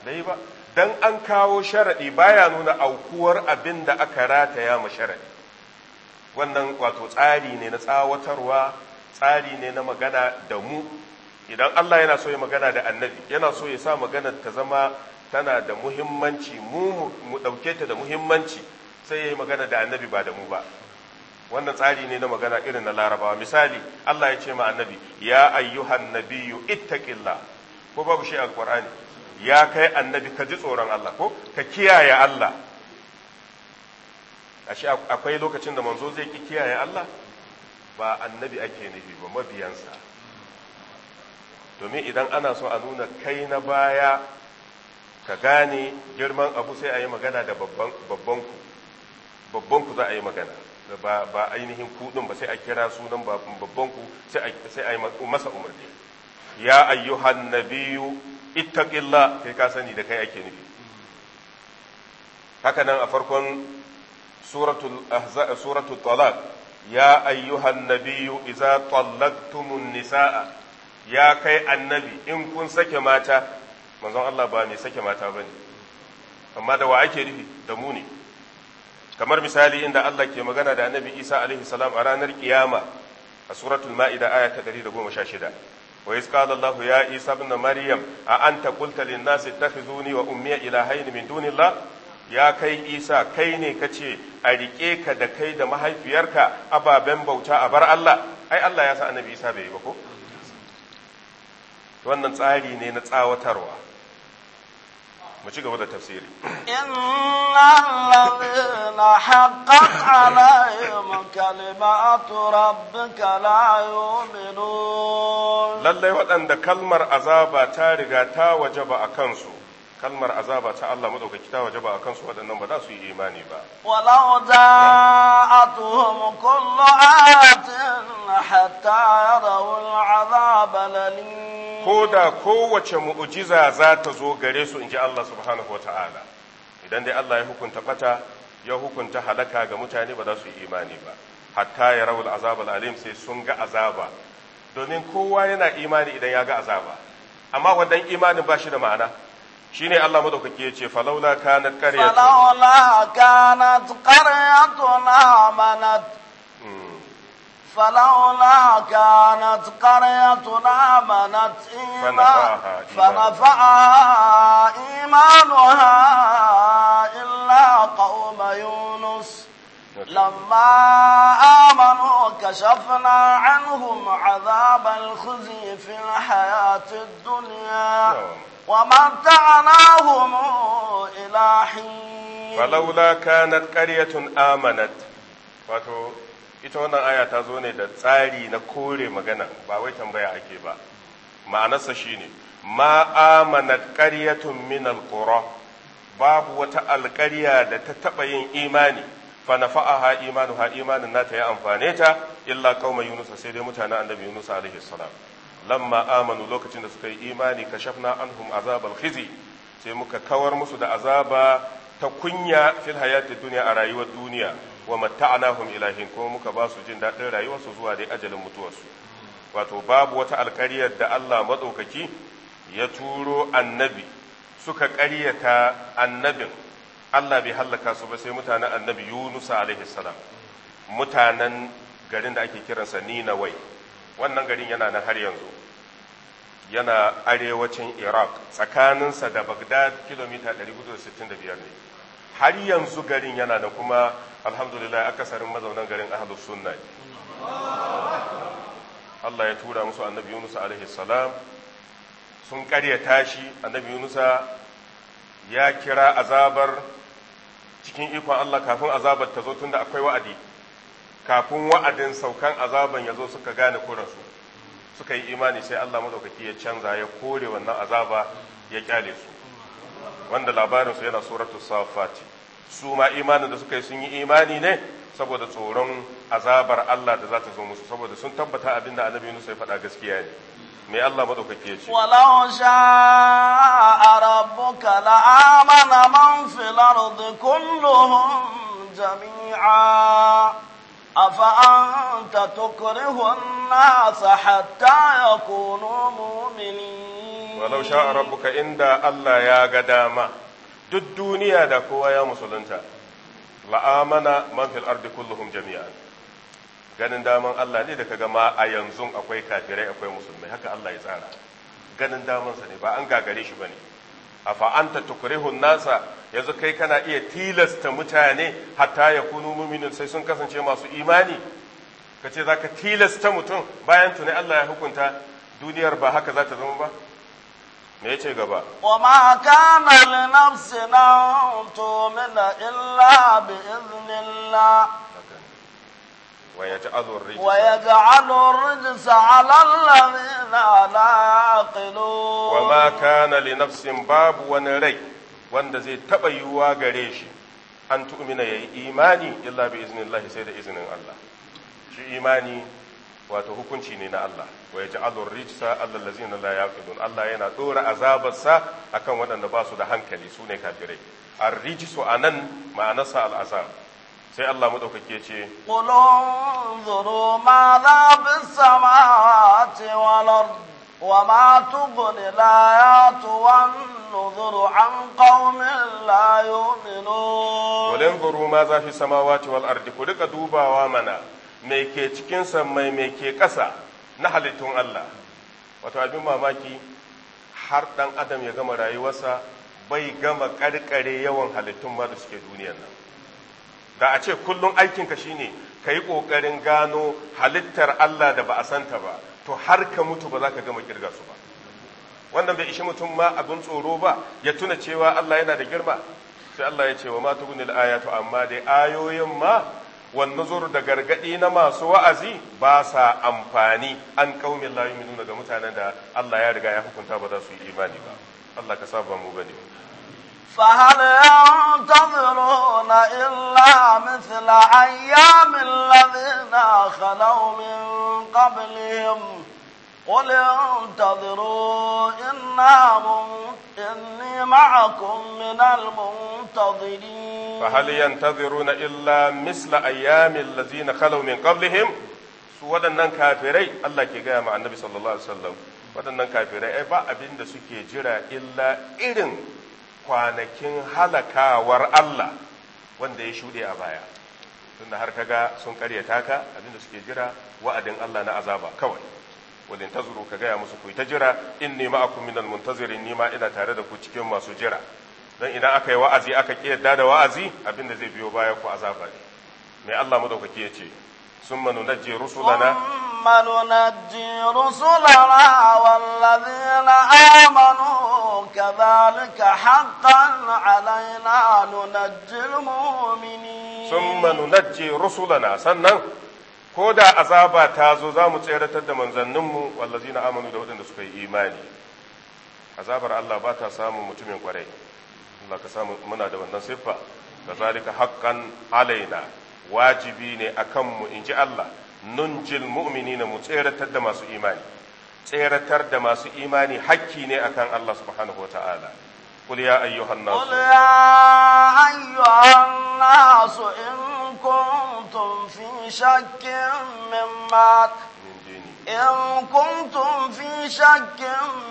dai ba dan an kawo sharadi baya nuna aukuwar abin da aka rataya ma sharadi wannan wato tsari ne na tsawatarwa tsari ne na magana da mu idan Allah yana so ya magana da annabi yana so ya sa magana ta zama tana da muhimmanci mu mu dauke ta da muhimmanci sai ya yi magana da annabi ba da mu ba wannan tsari ne na magana irin na larabawa misali Allah ya ce ma annabi ya ayyuhan nabiyyu ittaqilla ko babu shi alqur'ani ya kai annabi ka ji tsoron Allah ko ka kiyaye Allah ashe akwai lokacin da manzo zai ki kiyaye Allah ba annabi ake nufi ba mabiyansa domin idan ana so a nuna kai na baya ka gane girman abu sai a yi magana da babban ku babban ku za a yi magana ba ainihin kudin ba sai a kira sunan babban ku sai a yi masa umarni ya ayyuhan nabiyu ittaqilla kai ka sani da kai ake nufi haka nan a farkon suratul ahza suratul talaq ya ayyuhan nabiyu idza tallaqtumun nisaa ya kai annabi in kun sake mata manzon Allah ba mai sake mata bane amma da wa ake nufi da mu ne kamar misali inda Allah ke magana da annabi Isa alaihi salam a ranar kiyama a suratul ma'ida aya ta 116 wa iz qala Allahu ya Isa ibn Maryam a anta qulta lin nasi ittakhizuni wa ummi ilahayn min dunillah ya kai Isa kai ne kace a rike ka da kai da mahaifiyarka ababen bauta a bar Allah ai Allah ya sa annabi Isa bai yi ba ko wannan tsari ne na tsawatarwa mu ci gaba da tafsiri inna allazina haqqat alayhim kalimatu rabbika la yu'minun lallai waɗanda kalmar azaba ta riga ta wajaba a su. kalmar azaba ta Allah madaukaki ta a kan su waɗannan ba za su yi imani ba a ja'atuhum kullu ayatin hatta yarawu al'azab lalim ko da kowace mu'ujiza za ta zo gare su in ji Allah subhanahu wata'ala idan dai Allah ya hukunta bata ya hukunta halaka ga mutane ba za su yi imani ba hatta yarawu al'azab lalim sai sun ga azaba domin kowa yana imani idan ya ga azaba amma wannan imanin ba shi da ma'ana شيني الله مدوك كيتشي فلولا كانت kanat فلولا كانت kanat qaryatun فلولا كانت قرية آمنت إيمان فنفعها إيمانها إلا قوم يونس لما آمنوا كشفنا عنهم عذاب الخزي في الحياة الدنيا نعم. ومتعناهم إلى حين ولولا كانت قرية آمنت wato ita wannan aya ta zo ne da tsari na kore magana ba wai tambaya ake ba ma'anarsa shine ma amanat qaryatun min alqura babu wata alƙarya da ta taɓa yin imani fa nafa'aha ha imanin nata yi amfane ta illa qauma Yunusa, sai dai mutanen annabi yunus alaihi salam lamma amanu lokacin da suka yi imani kashafna anhum azabal khizi sai muka kawar musu da azaba ta kunya fil hayati duniya a rayuwar duniya wa matta'nahum ilahin kuma muka ba su jin daɗin rayuwarsu zuwa dai ajalin mutuwarsu wato babu wata alkaryar da Allah maɗaukaki ya turo annabi suka ƙaryata annabin Allah bai hallaka su ba sai mutanen annabi yunusa alaihi salam mutanen garin da ake kiransa Ninawai wannan garin yana na har yanzu yana arewacin iraq tsakaninsa da bagdad kilomita 165 ne har yanzu garin yana da kuma alhamdulillah akasarin mazaunan garin ahlus sunna Allah ya tura musu annabi Yunus alaihi salam sun karya tashi annabi Yunusa ya kira azabar cikin ikon Allah kafin azabar ta zo tunda akwai wa'adi kafin wa'adin saukan azaban ya zo suka gane kuransu suka yi imani sai Allah madaukaki ya canza ya kore wannan azaba ya kyale su wanda labarinsu yana suratul safati su ma imanin da suka yi sun yi imani ne saboda tsoron azabar Allah da za ta zo musu saboda sun tabbata abin da annabi Yunus ya faɗa gaskiya ne mai Allah madaukake ya ce walau sha'a rabbuka la'amana man fil ardi kulluhum jami'a أفأنت تكره الناس حتى يكونوا مؤمنين ولو شاء ربك إن الله يا قداما duk duniya da kowa ya musulunta la'amana man fil ardi kulluhum ganin daman Allah ne da kaga ma a yanzu akwai kafirai akwai musulmai haka Allah ya tsara ganin damansa ne ba an gagare shi ba ne. a fa'anta tukurihun nasa yanzu kai kana iya tilasta mutane hatta ya kunu muminin sai sun kasance masu imani ka ce za ka tilasta mutum bayan tuni Allah ya hukunta duniyar ba haka za ta zama ba me ya ce gaba wama kana li nafsin illa bi idnillah ويجعل الرجس على الذين لا يعقلون وما كان لنفس باب ونري wanda zai taɓa yiwuwa gare shi an tu'mina ya yi imani illa bi iznillahi sai da izinin Allah imani wato hukunci ne na Allah wa ya ja'alur rijsa allal ladzina la yaqilun Allah yana dora azabarsa akan waɗanda ba su da hankali su ne kafirai ar a anan ma'anarsa al-azab sai Allah madaukake ce qulun zuru ma za fi sama ce walar wa ma la ya wan nuzuru an ƙaunin layo yu'minun qulun zuru ma za fi samawati wal ard ku rika dubawa mana me ke cikin mai me ke ƙasa na halittun Allah wato abin mamaki har ɗan adam ya gama rayuwarsa bai gama ƙarƙare yawan halittun ma da suke duniyar nan da a ce kullum aikinka shi ne ka yi ƙoƙarin gano halittar Allah da ba a santa ba to har ka mutu ba za ka gama kirga su ba wannan bai ishi mutum ma abin tsoro ba ya tuna cewa Allah yana da girma sai Allah ya ce wa ma tugunil ayatu amma dai ayoyin ma wan nuzur da gargadi na masu wa'azi ba sa amfani an ƙaumin layu yu'minuna ga mutanen da Allah ya riga ya hukunta ba za su yi imani ba Allah ka ba mu bane فهل ينتظرون إلا مثل أيام الذين خلوا من قبلهم قل انتظروا إنا إني معكم من المنتظرين فهل ينتظرون إلا مثل أيام الذين خلوا من قبلهم su waɗannan kafirai Allah ke gaya ma annabi sallallahu alaihi wasallam waɗannan kafirai ai ba abin da suke jira illa irin kwanakin halakawar Allah wanda ya shuɗe a baya tunda har kaga sun karyata ka abinda suke jira wa'adin Allah na azaba kawai wadin zuru ka gaya musu kuita ta jira nema ma'akum minal muntazirin ni ma ina tare da ku cikin masu jira Don idan aka yi wa'azi aka kiyarda da wa'azi abinda zai biyo baya ku azaba ne mai Allah madaukaki yace summa nunajji rusulana ثم ننجي رسلنا والذين آمنوا كذلك حقا علينا ننجي المؤمنين ثم ننجي رسلنا سنن ko da azaba ta zo za mu tseratar da manzanninmu wallazi na amanu da waɗanda suka yi imani azabar Allah ba ta samun mutumin kwarai Allah ka samu muna da wannan siffa ka zalika haƙƙan alaina wajibi ne akan mu in ji Allah nunjil mu'minina mu tseratar da masu imani tseratar da masu imani hakki ne kan Allah subhanahu wa ta'ala قل يا أيها الناس قل يا أيها الناس إن كنتم في شك مما إن كنتم في شك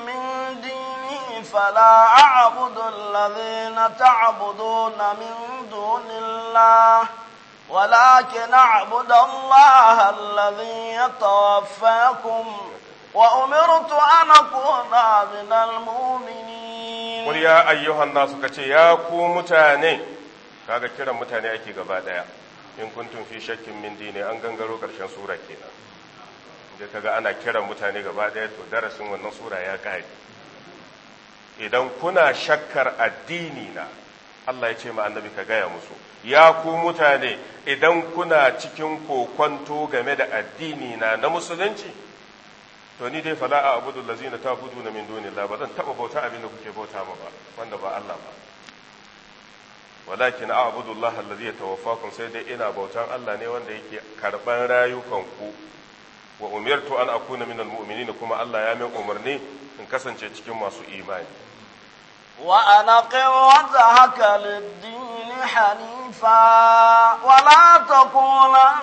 من ديني فلا أعبد الذين تعبدون من دون الله ولكن اعبد الله الذي يتوفاكم وأمرت أن أكون من المؤمنين قل يا أيها الناس كتي ياكو متاني kaga kiran mutane ake gaba إن in في fi shakkin ديني dini an gangaro karshen sura kenan da kaga ana kiran mutane gaba ɗaya, to darasin wannan sura ya kare idan kuna shakkar addini na Allah ya ce ma annabi ka gaya musu ya ku mutane idan kuna cikin kokwanto game da addini na na musulunci to ni dai fala a abudu lazina ta budu na min duni ba zan taɓa bauta abin da kuke bauta ma ba wanda ba Allah ba walakin a'budu Allah allazi yatawaffakum sai dai ina bautan Allah ne wanda yake karban rayukanku wa umirtu an akuna minal mu'minin kuma Allah ya min umarni in kasance cikin masu imani وأن أقم وجهك للدين حنيفا ولا تكونن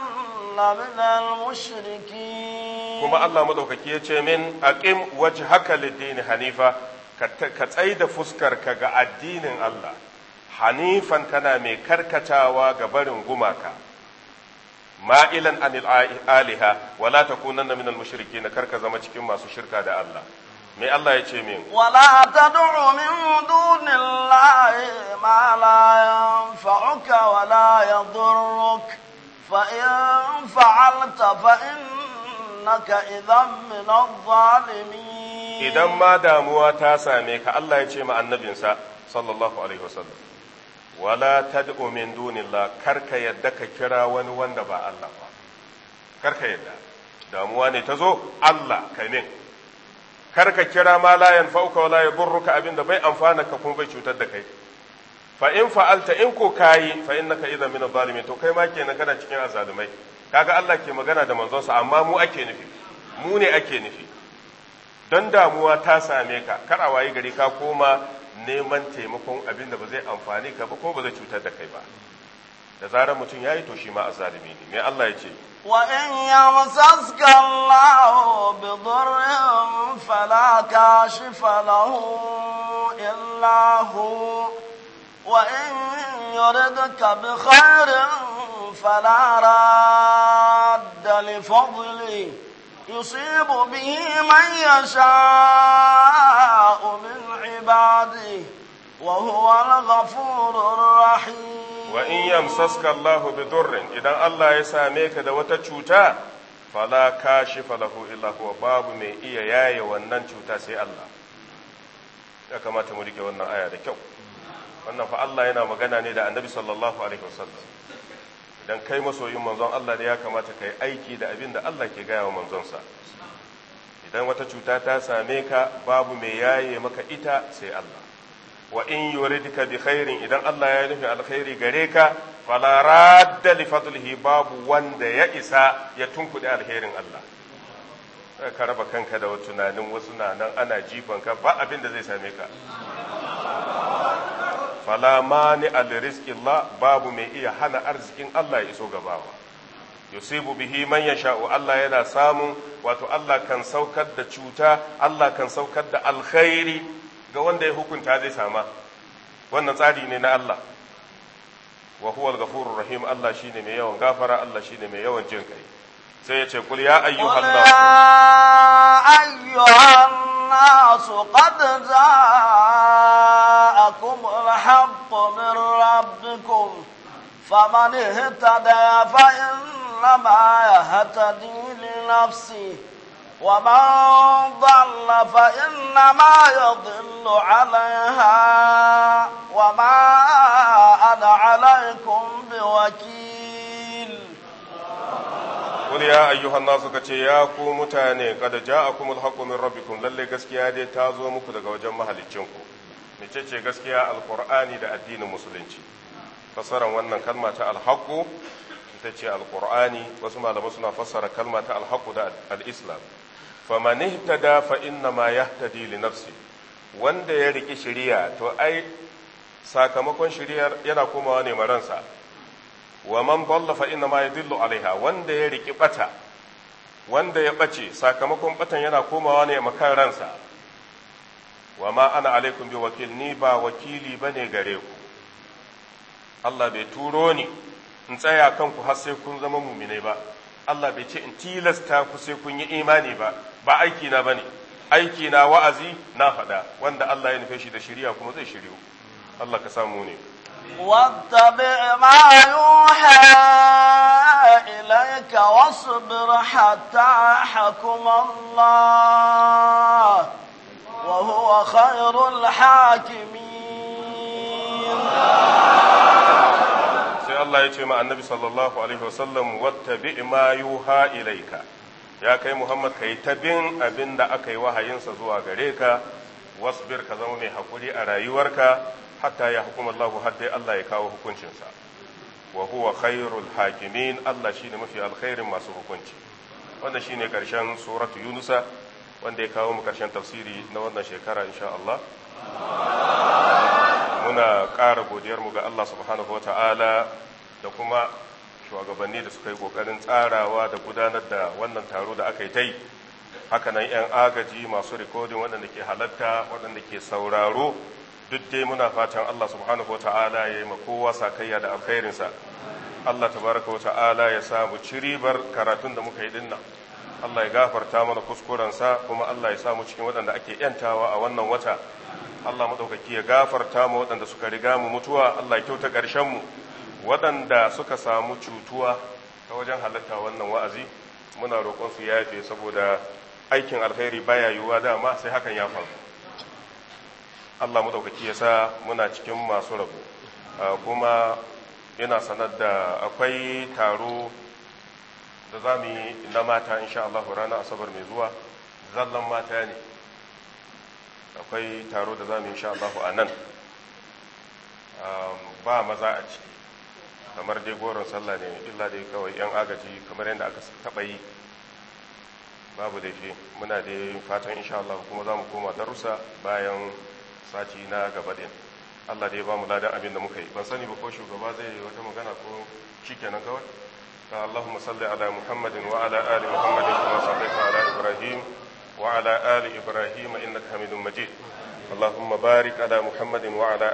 من المشركين كما الله مدوكك يتي من أقم وجهك للدين حنيفا ka tsai da fuskarka ga addinin Allah hanifan tana mai karkatawa ga barin gumaka ma'ilan anil aliha wala takunanna minal mushrikin karka zama cikin masu shirka da Allah me Allah ya ce min wala tad'u min dunillahi ma la yanfa'uka wala yadhurruk fa in fa'alta fa innaka idhan min adh-dhalimin idan ma damuwa ta same ka Allah ya ce ma annabinsa sallallahu alaihi wasallam wala tad'u min dunillahi karka yadda ka kira wani wanda ba Allah ba karka yadda damuwa ne ta zo Allah kai min kar ka kira ma la yanfa'uka wa la yadurruka abinda bai amfana ka kuma bai cutar da kai fa in fa'alta in ko kayi fa innaka idan min zalimin to kai ma kenan kana cikin azalimai kaga Allah ke magana da manzon sa amma mu ake nufi mu ne ake nufi dan damuwa ta same ka kar a wayi gari ka koma neman taimakon abin da ba zai amfani ka ba ko ba zai cutar da kai ba da zarar mutum yayi to shi ma azalimi ne me Allah ya ce وإن يمسسك الله بضر فلا كاشف له إلا هو وإن يردك بخير فلا راد لفضله يصيب به من يشاء من عباده وهو الغفور الرحيم وإن يمسسك الله بضر إذا الله يساميك دوتا تشوتا فلا كاشف له إلا هو باب مي إيا ياي ونن تشوتا سي الله ya kamata mu rike wannan aya da kyau wannan fa Allah yana magana ne da annabi sallallahu alaihi idan kai masoyin manzon Allah da ya kamata yi aiki da abin da Allah ke gaya wa manzonsa idan wata cuta ta same ka babu mai yaye maka ita sai Allah wa in yuridka bi khairin idan Allah ya nufi alkhairi gare ka fala radda li fadlihi babu wanda ya isa ya tunkuɗe alherin Allah ka raba kanka da tunanin wasu na nan ana jifan ka ba abin da zai same ka fala mani al la babu mai iya hana arzikin Allah ya iso gabawa yusibu bihi man yasha'u Allah yana samun wato Allah kan saukar da cuta Allah kan saukar da alkhairi ga wanda ya hukunta zai sama wannan tsari ne na Allah wa huwa al-ghafurur rahim Allah shine mai yawan gafara Allah shine mai yawan jin kai sai ya ce kul ya ayyuhan nas ayyuhan nas qad ja'akum al-haqqu min rabbikum faman ihtada fa innama yahtadi li nafsihi ومن ضل فإنما يضل عليها وما أنا عليكم بوكيل قل يا أيها الناس كتي يا كو متاني قد جاءكم الحق من ربكم للي قسكي هذه تازو مكو وجمها وجمع نتشي قسكي القرآن دا الدين المسلنشي فصرا وانا كلمة الحق ita القرآن وسمع wasu malamai كلمة الحق دا الإسلام faman ihtada fa innama yahtadi li nafsi wanda ya riki shiriya to ai sakamakon shiriyar yana komawa ne maransa wa man dalla fa ya yadillu alaiha wanda ya riki bata wanda ya bace sakamakon batan yana komawa ne makan ransa wa ma ana alaikum bi wakil ni ba wakili bane gare ku Allah bai turo ni in tsaya kanku har sai kun zama muminai ba Allah bai ce in tilasta ku sai kun yi imani ba ba aiki na bane aiki na wa'azi na faɗa wanda Allah ya nufe shi da shiriya kuma zai shiryu Allah ka samu ne واتبع ما يوحى إليك واصبر حتى حكم الله وهو خير الحاكمين Allah ya ce ma annabi sallallahu alaihi wasallam wattabi ma yuha ilaika ya kai Muhammad kai bin abin da aka yi wahayinsa zuwa gare ka wasbir ka zama mai hakuri a rayuwarka hatta ya hukuma Allah har dai Allah ya kawo hukuncinsa wa huwa khairul hakimin Allah shine mafi alkhairin masu hukunci wanda shine karshen suratu Yunusa wanda ya kawo mu karshen tafsiri na wannan shekara insha Allah muna ƙara godiyarmu ga Allah subhanahu wa ta'ala da kuma shugabanni da suka yi kokarin tsarawa da gudanar da wannan taro da aka yi ta yi hakanan 'yan agaji masu rikodin waɗanda ke halatta waɗanda ke sauraro duk dai muna fatan Allah subhanahu wata'ala ya yi kowa sakayya da alkhairinsa Allah tabaraka wata'ala ya samu ciribar karatun da muka yi dinna. Allah ya gafarta mana kuskurensa kuma Allah ya samu cikin waɗanda ake yantawa a wannan wata Allah maɗaukaki ya gafarta mu waɗanda suka riga mu mutuwa Allah ya kyauta ƙarshen mu waɗanda suka samu cutuwa ta wajen halatta wannan wa'azi muna roƙon su yafe saboda aikin alkhairi baya yiwuwa dama sai hakan ya faru Allah madaukaki ya sa muna cikin masu rabo kuma yana sanar da akwai taro da za mu yi na mata insha Allah ranar asabar mai zuwa zallan mata ne akwai taro da za mu yi insha Allah a nan ba maza a ciki kamar dai goron sallah ne illa dai kawai yan agaji kamar yadda aka taɓa yi babu laifi muna da fatan insha Allah kuma za mu koma darussa bayan sati na gaba din Allah dai ba mu ladan abin da muka yi ban sani ba ko shugaba zai yi wata magana ko shikenan kawai اللهم صل ala محمد وعلى muhammadin محمد كما صليت ibrahim إبراهيم وعلى آل إبراهيم إنك حميد مجيد اللهم